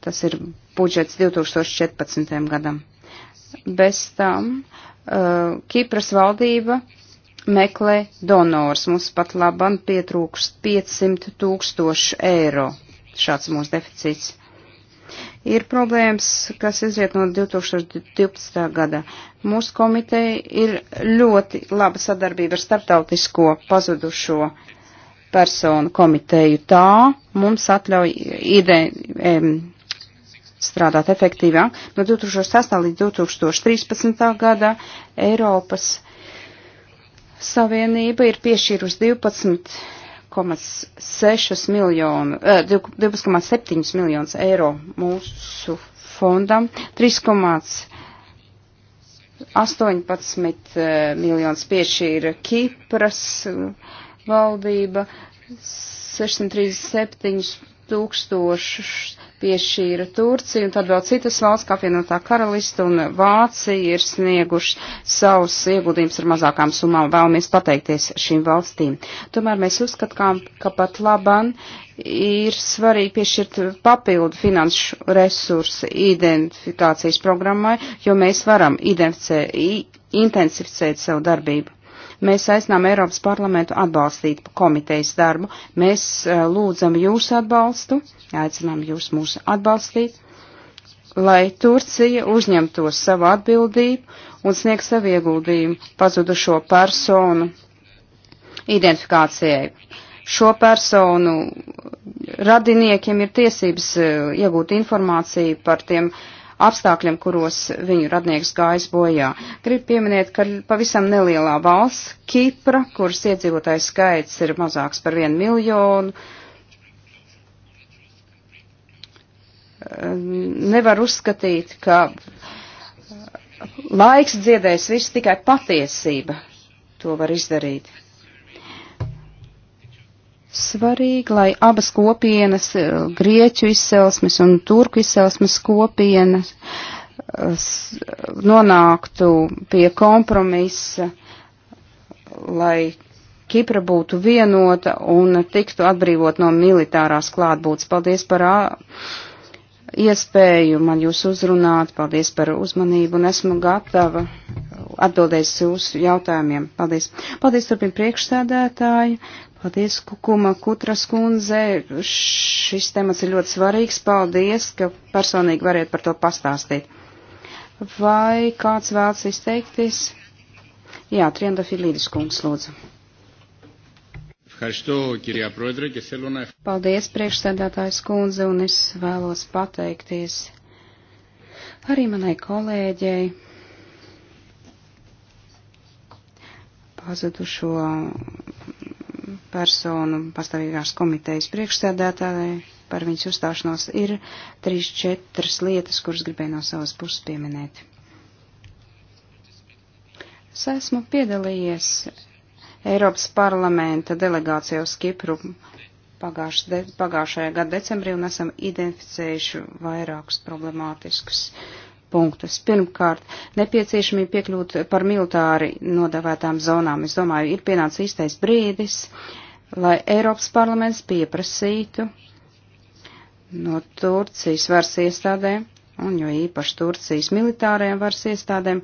Tas ir budžets 2014. gadam. Bez tam uh, Kipras valdība meklē donors. Mums pat labam pietrūkst 500 tūkstošu eiro. Šāds mūsu deficīts. Ir problēmas, kas izriet no 2012. gada. Mūsu komiteja ir ļoti laba sadarbība ar starptautisko pazudušo personu komiteju. Tā mums atļauj ide, em, strādāt efektīvāk. No 2008. līdz 2013. gada Eiropas Savienība ir piešķīrusi 12,6 miljonu, 12,7 eh, miljonus eiro mūsu fondam, 3,18 eh, miljonus piešķīra Kipras eh, valdība, 637 tūkstošus piešķīra Turcija, un tad vēl citas valsts, kā apvienotā karalista un Vācija, ir snieguši savus ieguldījumus ar mazākām summām. Vēlamies pateikties šīm valstīm. Tomēr mēs uzskatām, ka pat laban ir svarīgi piešķirt papildu finanšu resursu identifikācijas programmai, jo mēs varam identificēt, intensificēt savu darbību. Mēs aicinām Eiropas parlamentu atbalstīt komitejas darbu. Mēs eh, lūdzam jūsu atbalstu, aicinām jūs mūs atbalstīt, lai Turcija uzņemtos savu atbildību un sniegtu savu ieguldījumu pazudušo personu identifikācijai. Šo personu radiniekiem ir tiesības eh, iegūt informāciju par tiem uh, apstākļiem, kuros viņu radnieks gājas bojā. Gribu pieminēt, ka pavisam nelielā valsts, Kipra, kuras iedzīvotājs skaits ir mazāks par vienu miljonu, nevar uzskatīt, ka laiks dziedēs viss tikai patiesība. To var izdarīt svarīgi, lai abas kopienas, eh, grieķu izcelsmes un turku izcelsmes kopienas, eh, nonāktu pie kompromisa, lai Kipra būtu vienota un tiktu atbrīvot no militārās klātbūtnes. Paldies par iespēju man jūs uzrunāt, paldies par uzmanību un esmu gatava atbildēt jūsu jautājumiem. Paldies. Paldies, turpin priekšsēdētāji. Paldies, Kukuma Kutras kundze. Šis temats ir ļoti svarīgs. Paldies, ka personīgi variet par to pastāstīt. Vai kāds vēlas izteikties? Jā, Trienda Filīdis kungs, lūdzu. Paldies, priekšsēdētājs kundze, un es vēlos pateikties arī manai kolēģei. pazudušo personu pastāvīgās komitejas priekšsēdētājai par viņas uzstāšanos ir trīs, četras lietas, kuras gribēju no savas puses pieminēt. Es esmu piedalījies Eiropas parlamenta delegācijā uz Kipru pagājušajā gada decembrī un esam identificējuši vairākus problemātiskus uh, punktus. Pirmkārt, nepieciešamība piekļūt par militāri nodavētām zonām. Es domāju, ir pienācis īstais brīdis, lai Eiropas parlaments pieprasītu no Turcijas varas iestādēm, un jo īpaši Turcijas militārajām varas iestādēm,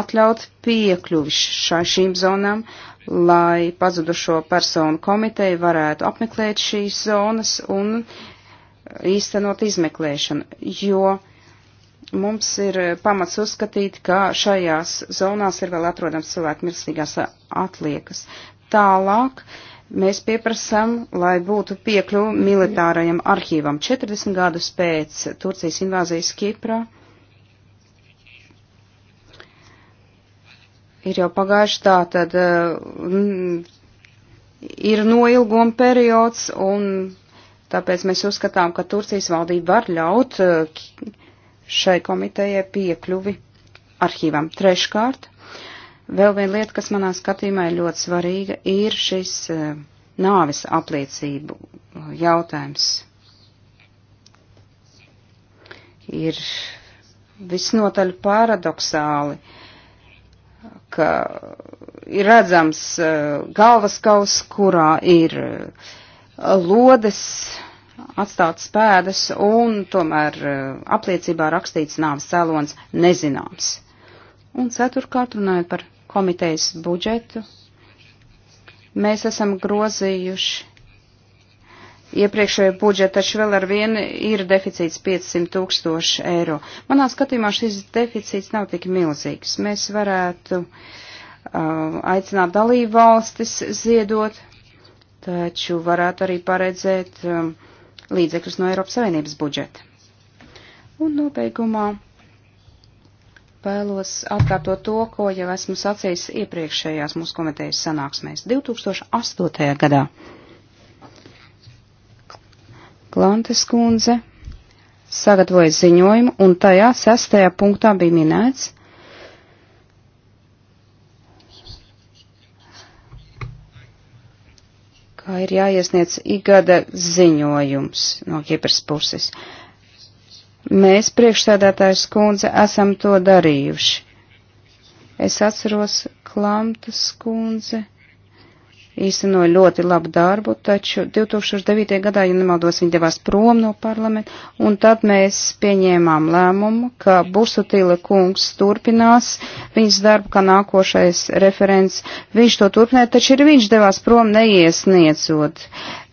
atļaut piekļuvi šīm zonām, lai pazudušo personu komiteju varētu apmeklēt šīs zonas un uh, īstenot izmeklēšanu, jo mums ir pamats uzskatīt, ka šajās zonās ir vēl atrodams cilvēku mirstīgās atliekas. Tālāk mēs pieprasam, lai būtu piekļuva militārajam arhīvam 40 gadus pēc Turcijas invāzijas Kiprā. Ir jau pagājuši tā, tad mm, ir noilguma periods un Tāpēc mēs uzskatām, ka Turcijas valdība var ļaut eh, šai komitejai piekļuvi arhīvam. Treškārt, vēl viena lieta, kas manā skatījumā ir ļoti svarīga, ir šis eh, nāvis apliecību jautājums. Ir visnotaļ paradoxāli, ka ir redzams eh, galvaskaus, kurā ir uh, lodes atstātas pēdas un tomēr eh, apliecībā rakstīts nāves cēlons nezināms. Un ceturkārt runājot par komitejas budžetu, mēs esam grozījuši iepriekšējo budžetu, taču vēl ar vienu ir deficīts 500 tūkstoši eiro. Manā skatījumā šis deficīts nav tik milzīgs. Mēs varētu uh, aicināt dalību valstis ziedot taču varētu arī paredzēt um, līdzekļus no Eiropas Savienības budžeta. Un nobeigumā vēlos atkārtot to, ko jau esmu sacījis iepriekšējās mūsu komitejas sanāksmēs 2008. gadā. Klantes kundze sagatavoja ziņojumu, un tajā sestajā punktā bija minēts, ka ir jāiesniedz igada ziņojums no Kipras puses. Mēs, priekšstādātājs kundze, esam to darījuši. Es atceros Klamtas kundze īstenoja ļoti labu darbu, taču 2009. gadā, ja nemaldos, viņi devās prom no parlamenta, un tad mēs pieņēmām lēmumu, ka Busutila kungs turpinās viņas darbu kā nākošais referents. Viņš to turpināja, taču ir viņš devās prom neiesniedzot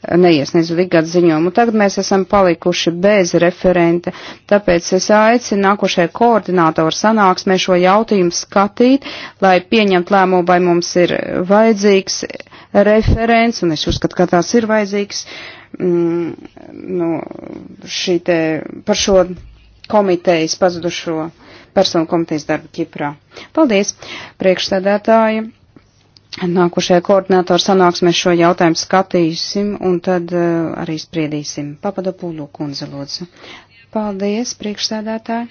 neiesniedzot ikgad ziņojumu. Tagad mēs esam palikuši bez referenta, tāpēc es aicinu nākošajai koordinātoru sanāksmē šo jautājumu skatīt, lai pieņemt lēmumu, vai mums ir vajadzīgs referents, un es uzskatu, ka tās ir vajadzīgs, mm, nu, šī te par šo komitejas pazudušo personu komitejas darbu Ķiprā. Paldies, priekšstādātāji. Nākošajā koordinātoru sanāksmē šo jautājumu skatīsim un tad uh, arī spriedīsim. Papadopūļu kundze lūdzu. Paldies, priekšstādātāji.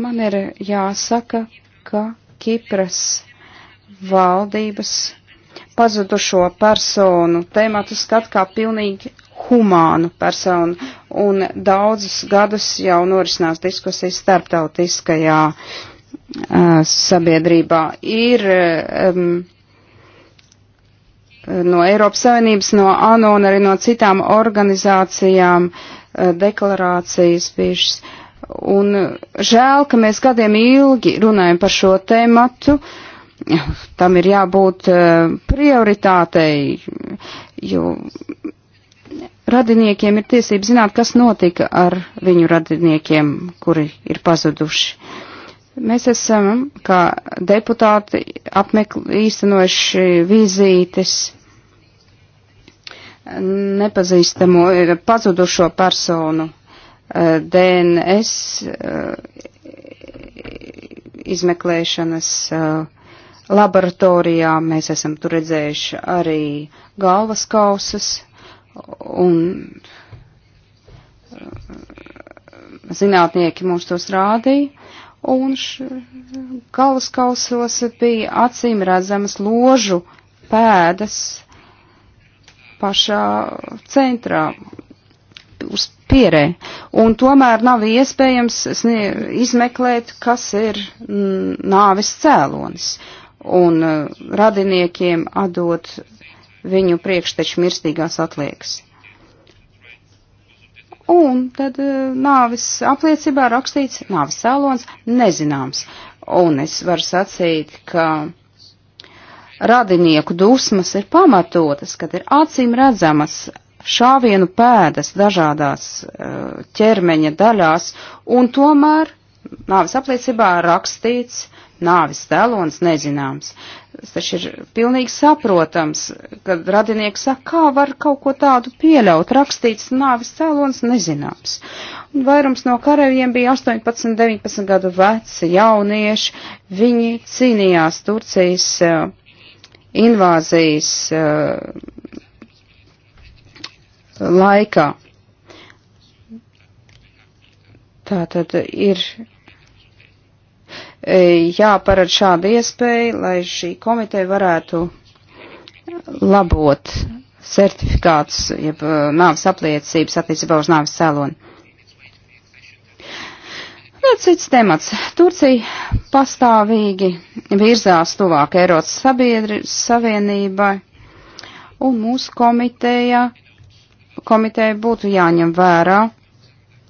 Man ir jāsaka, ka Kipras valdības pazudušo personu tēmatu skat kā pilnīgi humānu personu, un daudzus gadus jau norisinās diskusijas starptautiskajā uh, sabiedrībā. Ir um, no Eiropas Savienības, no ANO un arī no citām organizācijām uh, deklarācijas bijušas. Un žēl, ka mēs gadiem ilgi runājam par šo tēmatu. Uh, tam ir jābūt eh, prioritātei, jo radiniekiem ir tiesības zināt, kas notika ar viņu radiniekiem, kuri ir pazuduši. Mēs esam, kā deputāti, apmeklējuši īstenojuši vizītes nepazīstamo eh, pazudušo personu eh, DNS izmeklēšanas uh, laboratorijā mēs esam tur redzējuši arī galvas kausas un uh, zinātnieki mums tos rādīja. Un galvas kausos bija acīm redzamas ložu pēdas pašā centrā uz pierē. Un tomēr nav iespējams izmeklēt, kas ir nāvis cēlonis. Uh, un uh, radiniekiem atdot viņu priekšteču mirstīgās atliekas. Un tad uh, nāvis apliecībā rakstīts nāvis cēlons nezināms. Un es varu sacīt, ka radinieku dusmas ir pamatotas, kad ir acīm redzamas šāvienu pēdas dažādās uh, ķermeņa daļās, un tomēr nāvis apliecībā rakstīts nāvis cēlonis nezināms. Tas taču ir pilnīgi saprotams, kad radinieks saka, kā var kaut ko tādu pieļaut, rakstīts nāvis cēlonis nezināms. Un vairums no karaviem bija 18, 19 gadu veci jaunieši, viņi cīnījās Turcijas eh, invāzijas eh, laikā. Tātad ir E, jāparad šāda iespēja, lai šī komiteja varētu labot certifikāts, jeb e, nāves apliecības attiecībā uz nāves cēloni. Nu, cits temats. Turcija pastāvīgi virzās tuvāk Eiropas sabiedri, Savienībai, un mūsu komiteja, komiteja būtu jāņem vērā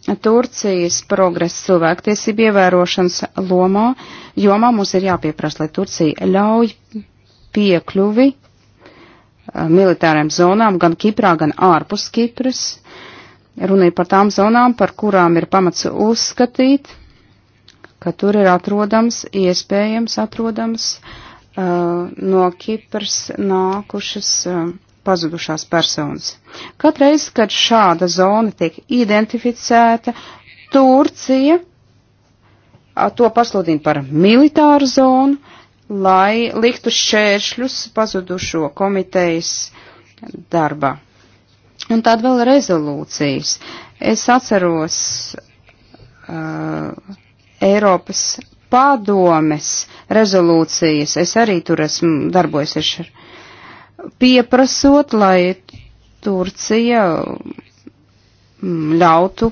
Turcijas progresa cilvēktiesību ievērošanas lomā, jomā mums ir jāpieprasa, lai Turcija ļauj piekļuvi eh, militāriem zonām gan Kiprā, gan ārpus Kipras. Runa ir par tām zonām, par kurām ir pamats uzskatīt, ka tur ir atrodams, iespējams atrodams uh, no Kipras nākušas uh, pazudušās personas. Katreiz, kad šāda zona tiek identificēta, Turcija to pasludina par militāru zonu, lai liktu šķēršļus pazudušo komitejas darbā. Un tad vēl rezolūcijas. Es atceros uh, Eiropas padomes rezolūcijas. Es arī tur esmu darbojusies ar pieprasot, lai Turcija mm, ļautu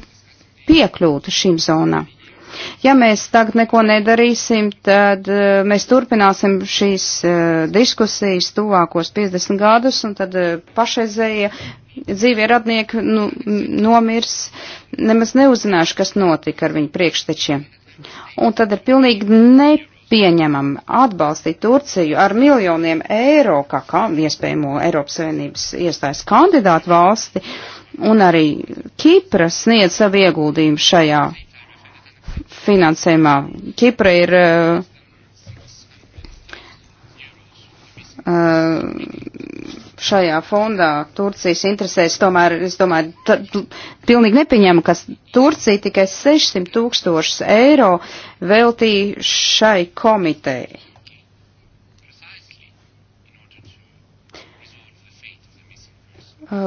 piekļūt šīm zonām. Ja mēs tagad neko nedarīsim, tad uh, mēs turpināsim šīs uh, diskusijas tuvākos 50 gadus, un tad uh, pašreizējie dzīvie radnieki nu, nomirs, nemaz neuzzināšu, kas notika ar viņu priekštečiem. Un tad ir pilnīgi nepārāk pieņemam atbalstīt Turciju ar miljoniem eiro, kā, kā iespējamo Eiropas Savienības iestājas kandidātu valsti, un arī Kipra sniedz savu ieguldījumu šajā finansējumā. Kipra ir uh, uh, šajā fondā Turcijas interesēs, tomēr es domāju, tā, pilnīgi nepieņemu, ka Turcija tikai 600 tūkstošus eiro veltīja šai komitei.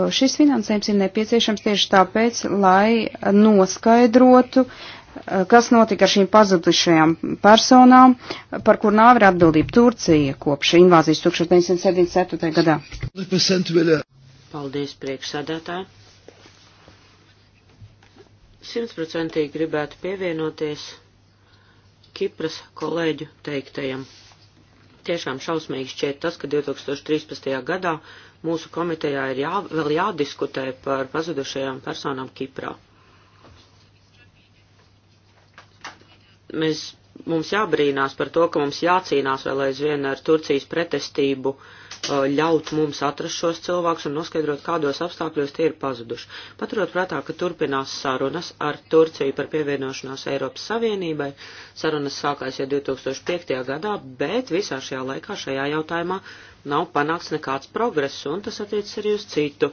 Šis finansējums ir nepieciešams tieši tāpēc, lai noskaidrotu uh, Eh, kas notika ar šīm pazudušajām personām, par kur nāvi ir atbildība Turcija kopš invāzijas 1977. gadā. Paldies, priekšsādātāji. Simtprocentīgi gribētu pievienoties Kipras kolēģu teiktajam. Tiešām šausmīgi šķiet tas, ka 2013. gadā mūsu komitejā ir jā, vēl jādiskutē par pazudušajām personām Kiprā mēs, mums jābrīnās par to, ka mums jācīnās vēl aizvien ar Turcijas pretestību uh, ļaut mums atrast šos cilvēkus un noskaidrot, kādos apstākļos tie ir pazuduši. Paturot prātā, ka turpinās sarunas ar Turciju par pievienošanos Eiropas Savienībai, sarunas sākās jau 2005. gadā, bet visā šajā laikā šajā jautājumā nav panāks nekāds progress, un tas attiecas arī uz citu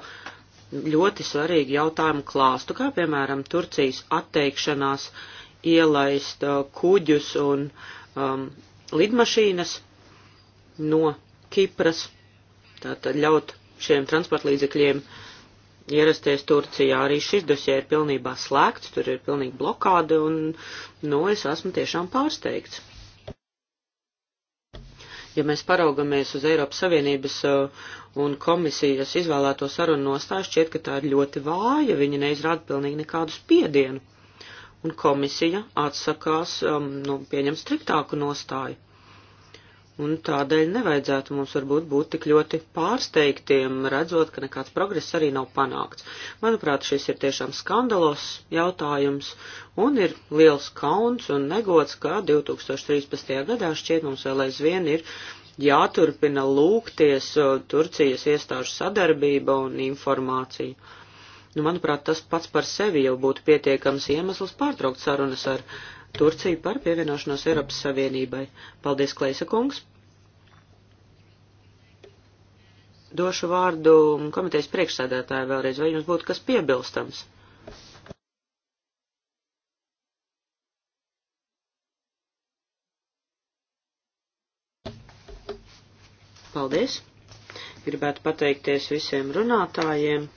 ļoti svarīgu jautājumu klāstu, kā piemēram Turcijas atteikšanās uh, ielaist uh, kuģus un um, lidmašīnas no Kipras, tātad ļaut šiem transportlīdzekļiem ierasties Turcijā. Arī šis dosie ir pilnībā slēgts, tur ir pilnīgi blokāde un, nu, es esmu tiešām pārsteigts. Ja mēs paraugamies uz Eiropas Savienības uh, un komisijas izvēlēto sarunu nostāju, šķiet, ka tā ir ļoti vāja, viņi neizrāda pilnīgi nekādu spiedienu un komisija atsakās um, nu, pieņemt striktāku nostāju. Un tādēļ nevajadzētu mums varbūt būt tik ļoti pārsteigtiem, redzot, ka nekāds progress arī nav panākts. Manuprāt, šis ir tiešām skandalos jautājums, un ir liels kauns un negods, ka 2013. gadā šķiet mums vēl aizvien ir jāturpina lūgties uh, Turcijas iestāžu sadarbība un informācija Nu, manuprāt, tas pats par sevi jau būtu pietiekams iemesls pārtraukt sarunas ar Turciju par pievienošanos Eiropas Savienībai. Paldies, Kleisa kungs! Došu vārdu komitejas priekšsēdētāju vēlreiz, vai jums būtu kas piebilstams? Paldies! Gribētu pateikties visiem runātājiem.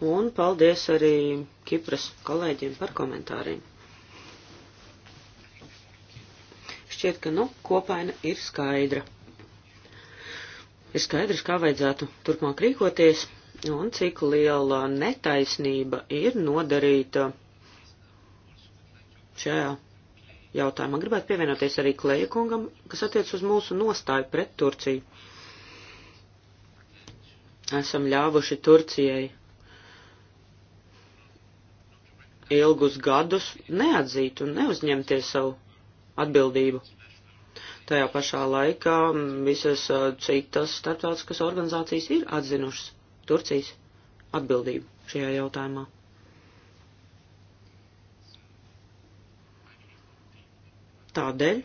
Un paldies arī Kipras kolēģiem par komentāriem. Šķiet, ka nu kopaina ir skaidra. Ir skaidrs, kā vajadzētu turpmāk rīkoties un cik liela netaisnība ir nodarīta šajā jautājumā. Gribētu pievienoties arī Kleja kungam, kas attiec uz mūsu nostāju pret Turciju. Esam ļāvuši Turcijai ilgus gadus neatzīt un neuzņemties savu atbildību. Tajā pašā laikā visas citas starptautiskas organizācijas ir atzinušas Turcijas atbildību šajā jautājumā. Tādēļ,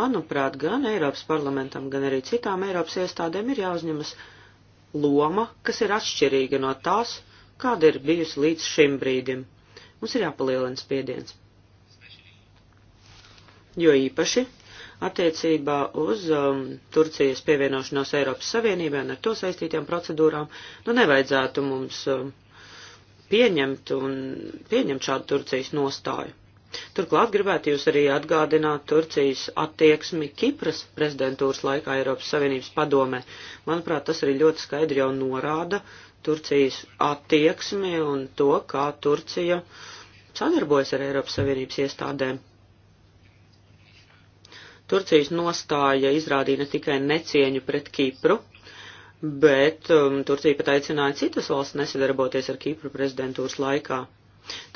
manuprāt, gan Eiropas parlamentam, gan arī citām Eiropas iestādēm ir jāuzņemas loma, kas ir atšķirīga no tās, kāda ir bijusi līdz šim brīdim. Mums ir jāpalielina spiediens. Jo īpaši attiecībā uz um, Turcijas pievienošanos Eiropas Savienībai un ar to saistītām procedūrām, nu nevajadzētu mums um, pieņemt un pieņemt šādu Turcijas nostāju. Turklāt gribētu jūs arī atgādināt Turcijas attieksmi Kipras prezidentūras laikā Eiropas Savienības padomē. Manuprāt, tas arī ļoti skaidri jau norāda, uh, Turcijas attieksmi un to, kā Turcija sadarbojas ar Eiropas Savienības iestādēm. Turcijas nostāja izrādīja ne tikai necieņu pret Kipru, bet um, Turcija pat aicināja citas valsts nesadarboties ar Kipru prezidentūras laikā.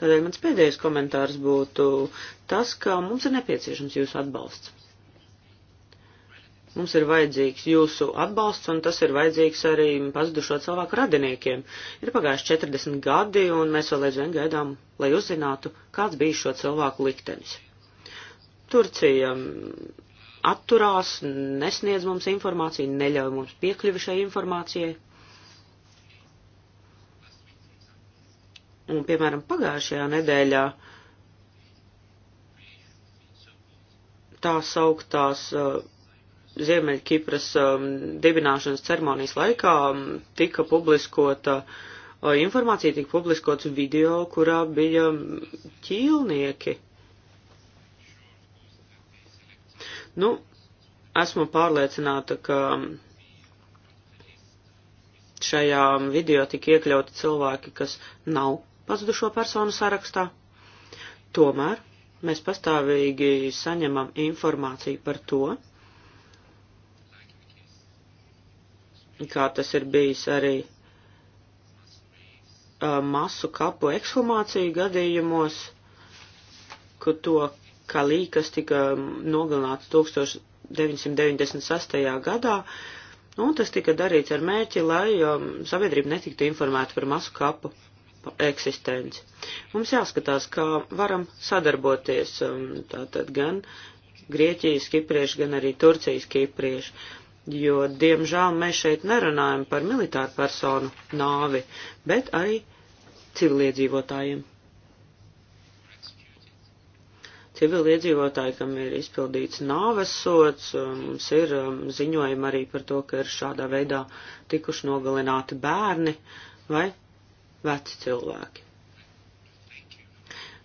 Tādēļ mans pēdējais komentārs būtu tas, ka mums ir nepieciešams jūsu atbalsts. Mums ir vajadzīgs jūsu atbalsts, un tas ir vajadzīgs arī pazudušo cilvēku radiniekiem. Ir pagājuši 40 gadi, un mēs vēl aizvien gaidām, lai uzzinātu, kāds bija šo cilvēku liktenis. Turcija mm, atturās, nesniedz mums informāciju, neļauj mums piekļuvi šai informācijai. Un, piemēram, pagājušajā nedēļā tā sauktās uh, Ziemeļkipras um, dibināšanas ceremonijas laikā um, tika publiskota uh, informācija, tika publiskots video, kurā bija um, ķīlnieki. Nu, esmu pārliecināta, ka um, šajā um, video tika iekļauti cilvēki, kas nav pazudušo personu sarakstā. Tomēr mēs pastāvīgi saņemam informāciju par to, kā tas ir bijis arī uh, masu kapu ekshumāciju gadījumos, kur to Kalī, kas tika nogalināts 1996. gadā, nu, un tas tika darīts ar mērķi, lai um, sabiedrība netiktu informēta par masu kapu eksistenci. Mums jāskatās, kā varam sadarboties, um, tātad gan Grieķijas kiprieši, gan arī Turcijas kiprieši jo, diemžēl, mēs šeit nerunājam par militāru personu nāvi, bet arī civiliedzīvotājiem. Civiliedzīvotāji, kam ir izpildīts nāves sots, mums ir um, ziņojumi arī par to, ka ir šādā veidā tikuši nogalināti bērni vai veci cilvēki.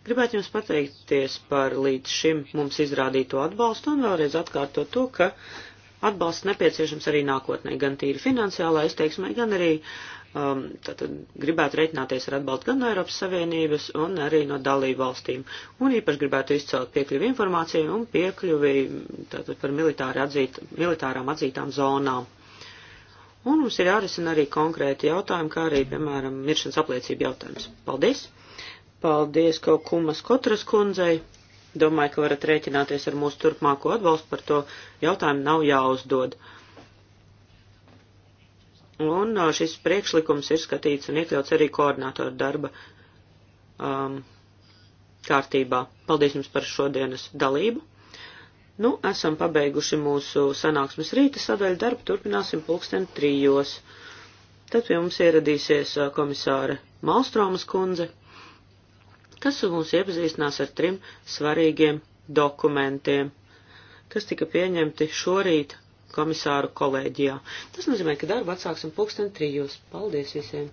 Gribētu jums pateikties par līdz šim mums izrādīto atbalstu un vēlreiz atkārtot to, ka uh, atbalsts nepieciešams arī nākotnē, gan tīri finansiālā izteiksmē, gan arī um, tātad, gribētu reiķināties ar atbalstu gan no Eiropas Savienības un arī no dalību valstīm. Un īpaši gribētu izcelt piekļuvi informācijai un piekļuvi tātad, par militāri atzīt, militārām atzītām zonām. Un mums ir jārisina arī konkrēti jautājumi, kā arī, piemēram, miršanas apliecība jautājums. Paldies! Paldies, Kaukumas Kotras kundzei! Domāju, ka varat rēķināties ar mūsu turpmāko atbalstu par to jautājumu nav jāuzdod. Un uh, šis priekšlikums ir skatīts un iekļauts arī koordinātoru darba um, kārtībā. Paldies jums par šodienas dalību. Nu, esam pabeiguši mūsu sanāksmes rīta sadaļu darbu, turpināsim pulksten trijos. Tad pie mums ieradīsies uh, komisāre Malstromas kundze kas mūs iepazīstinās ar trim svarīgiem dokumentiem, kas tika pieņemti šorīt komisāru kolēģijā. Tas nozīmē, ka darbu atsāksim pulksten trijos. Paldies visiem!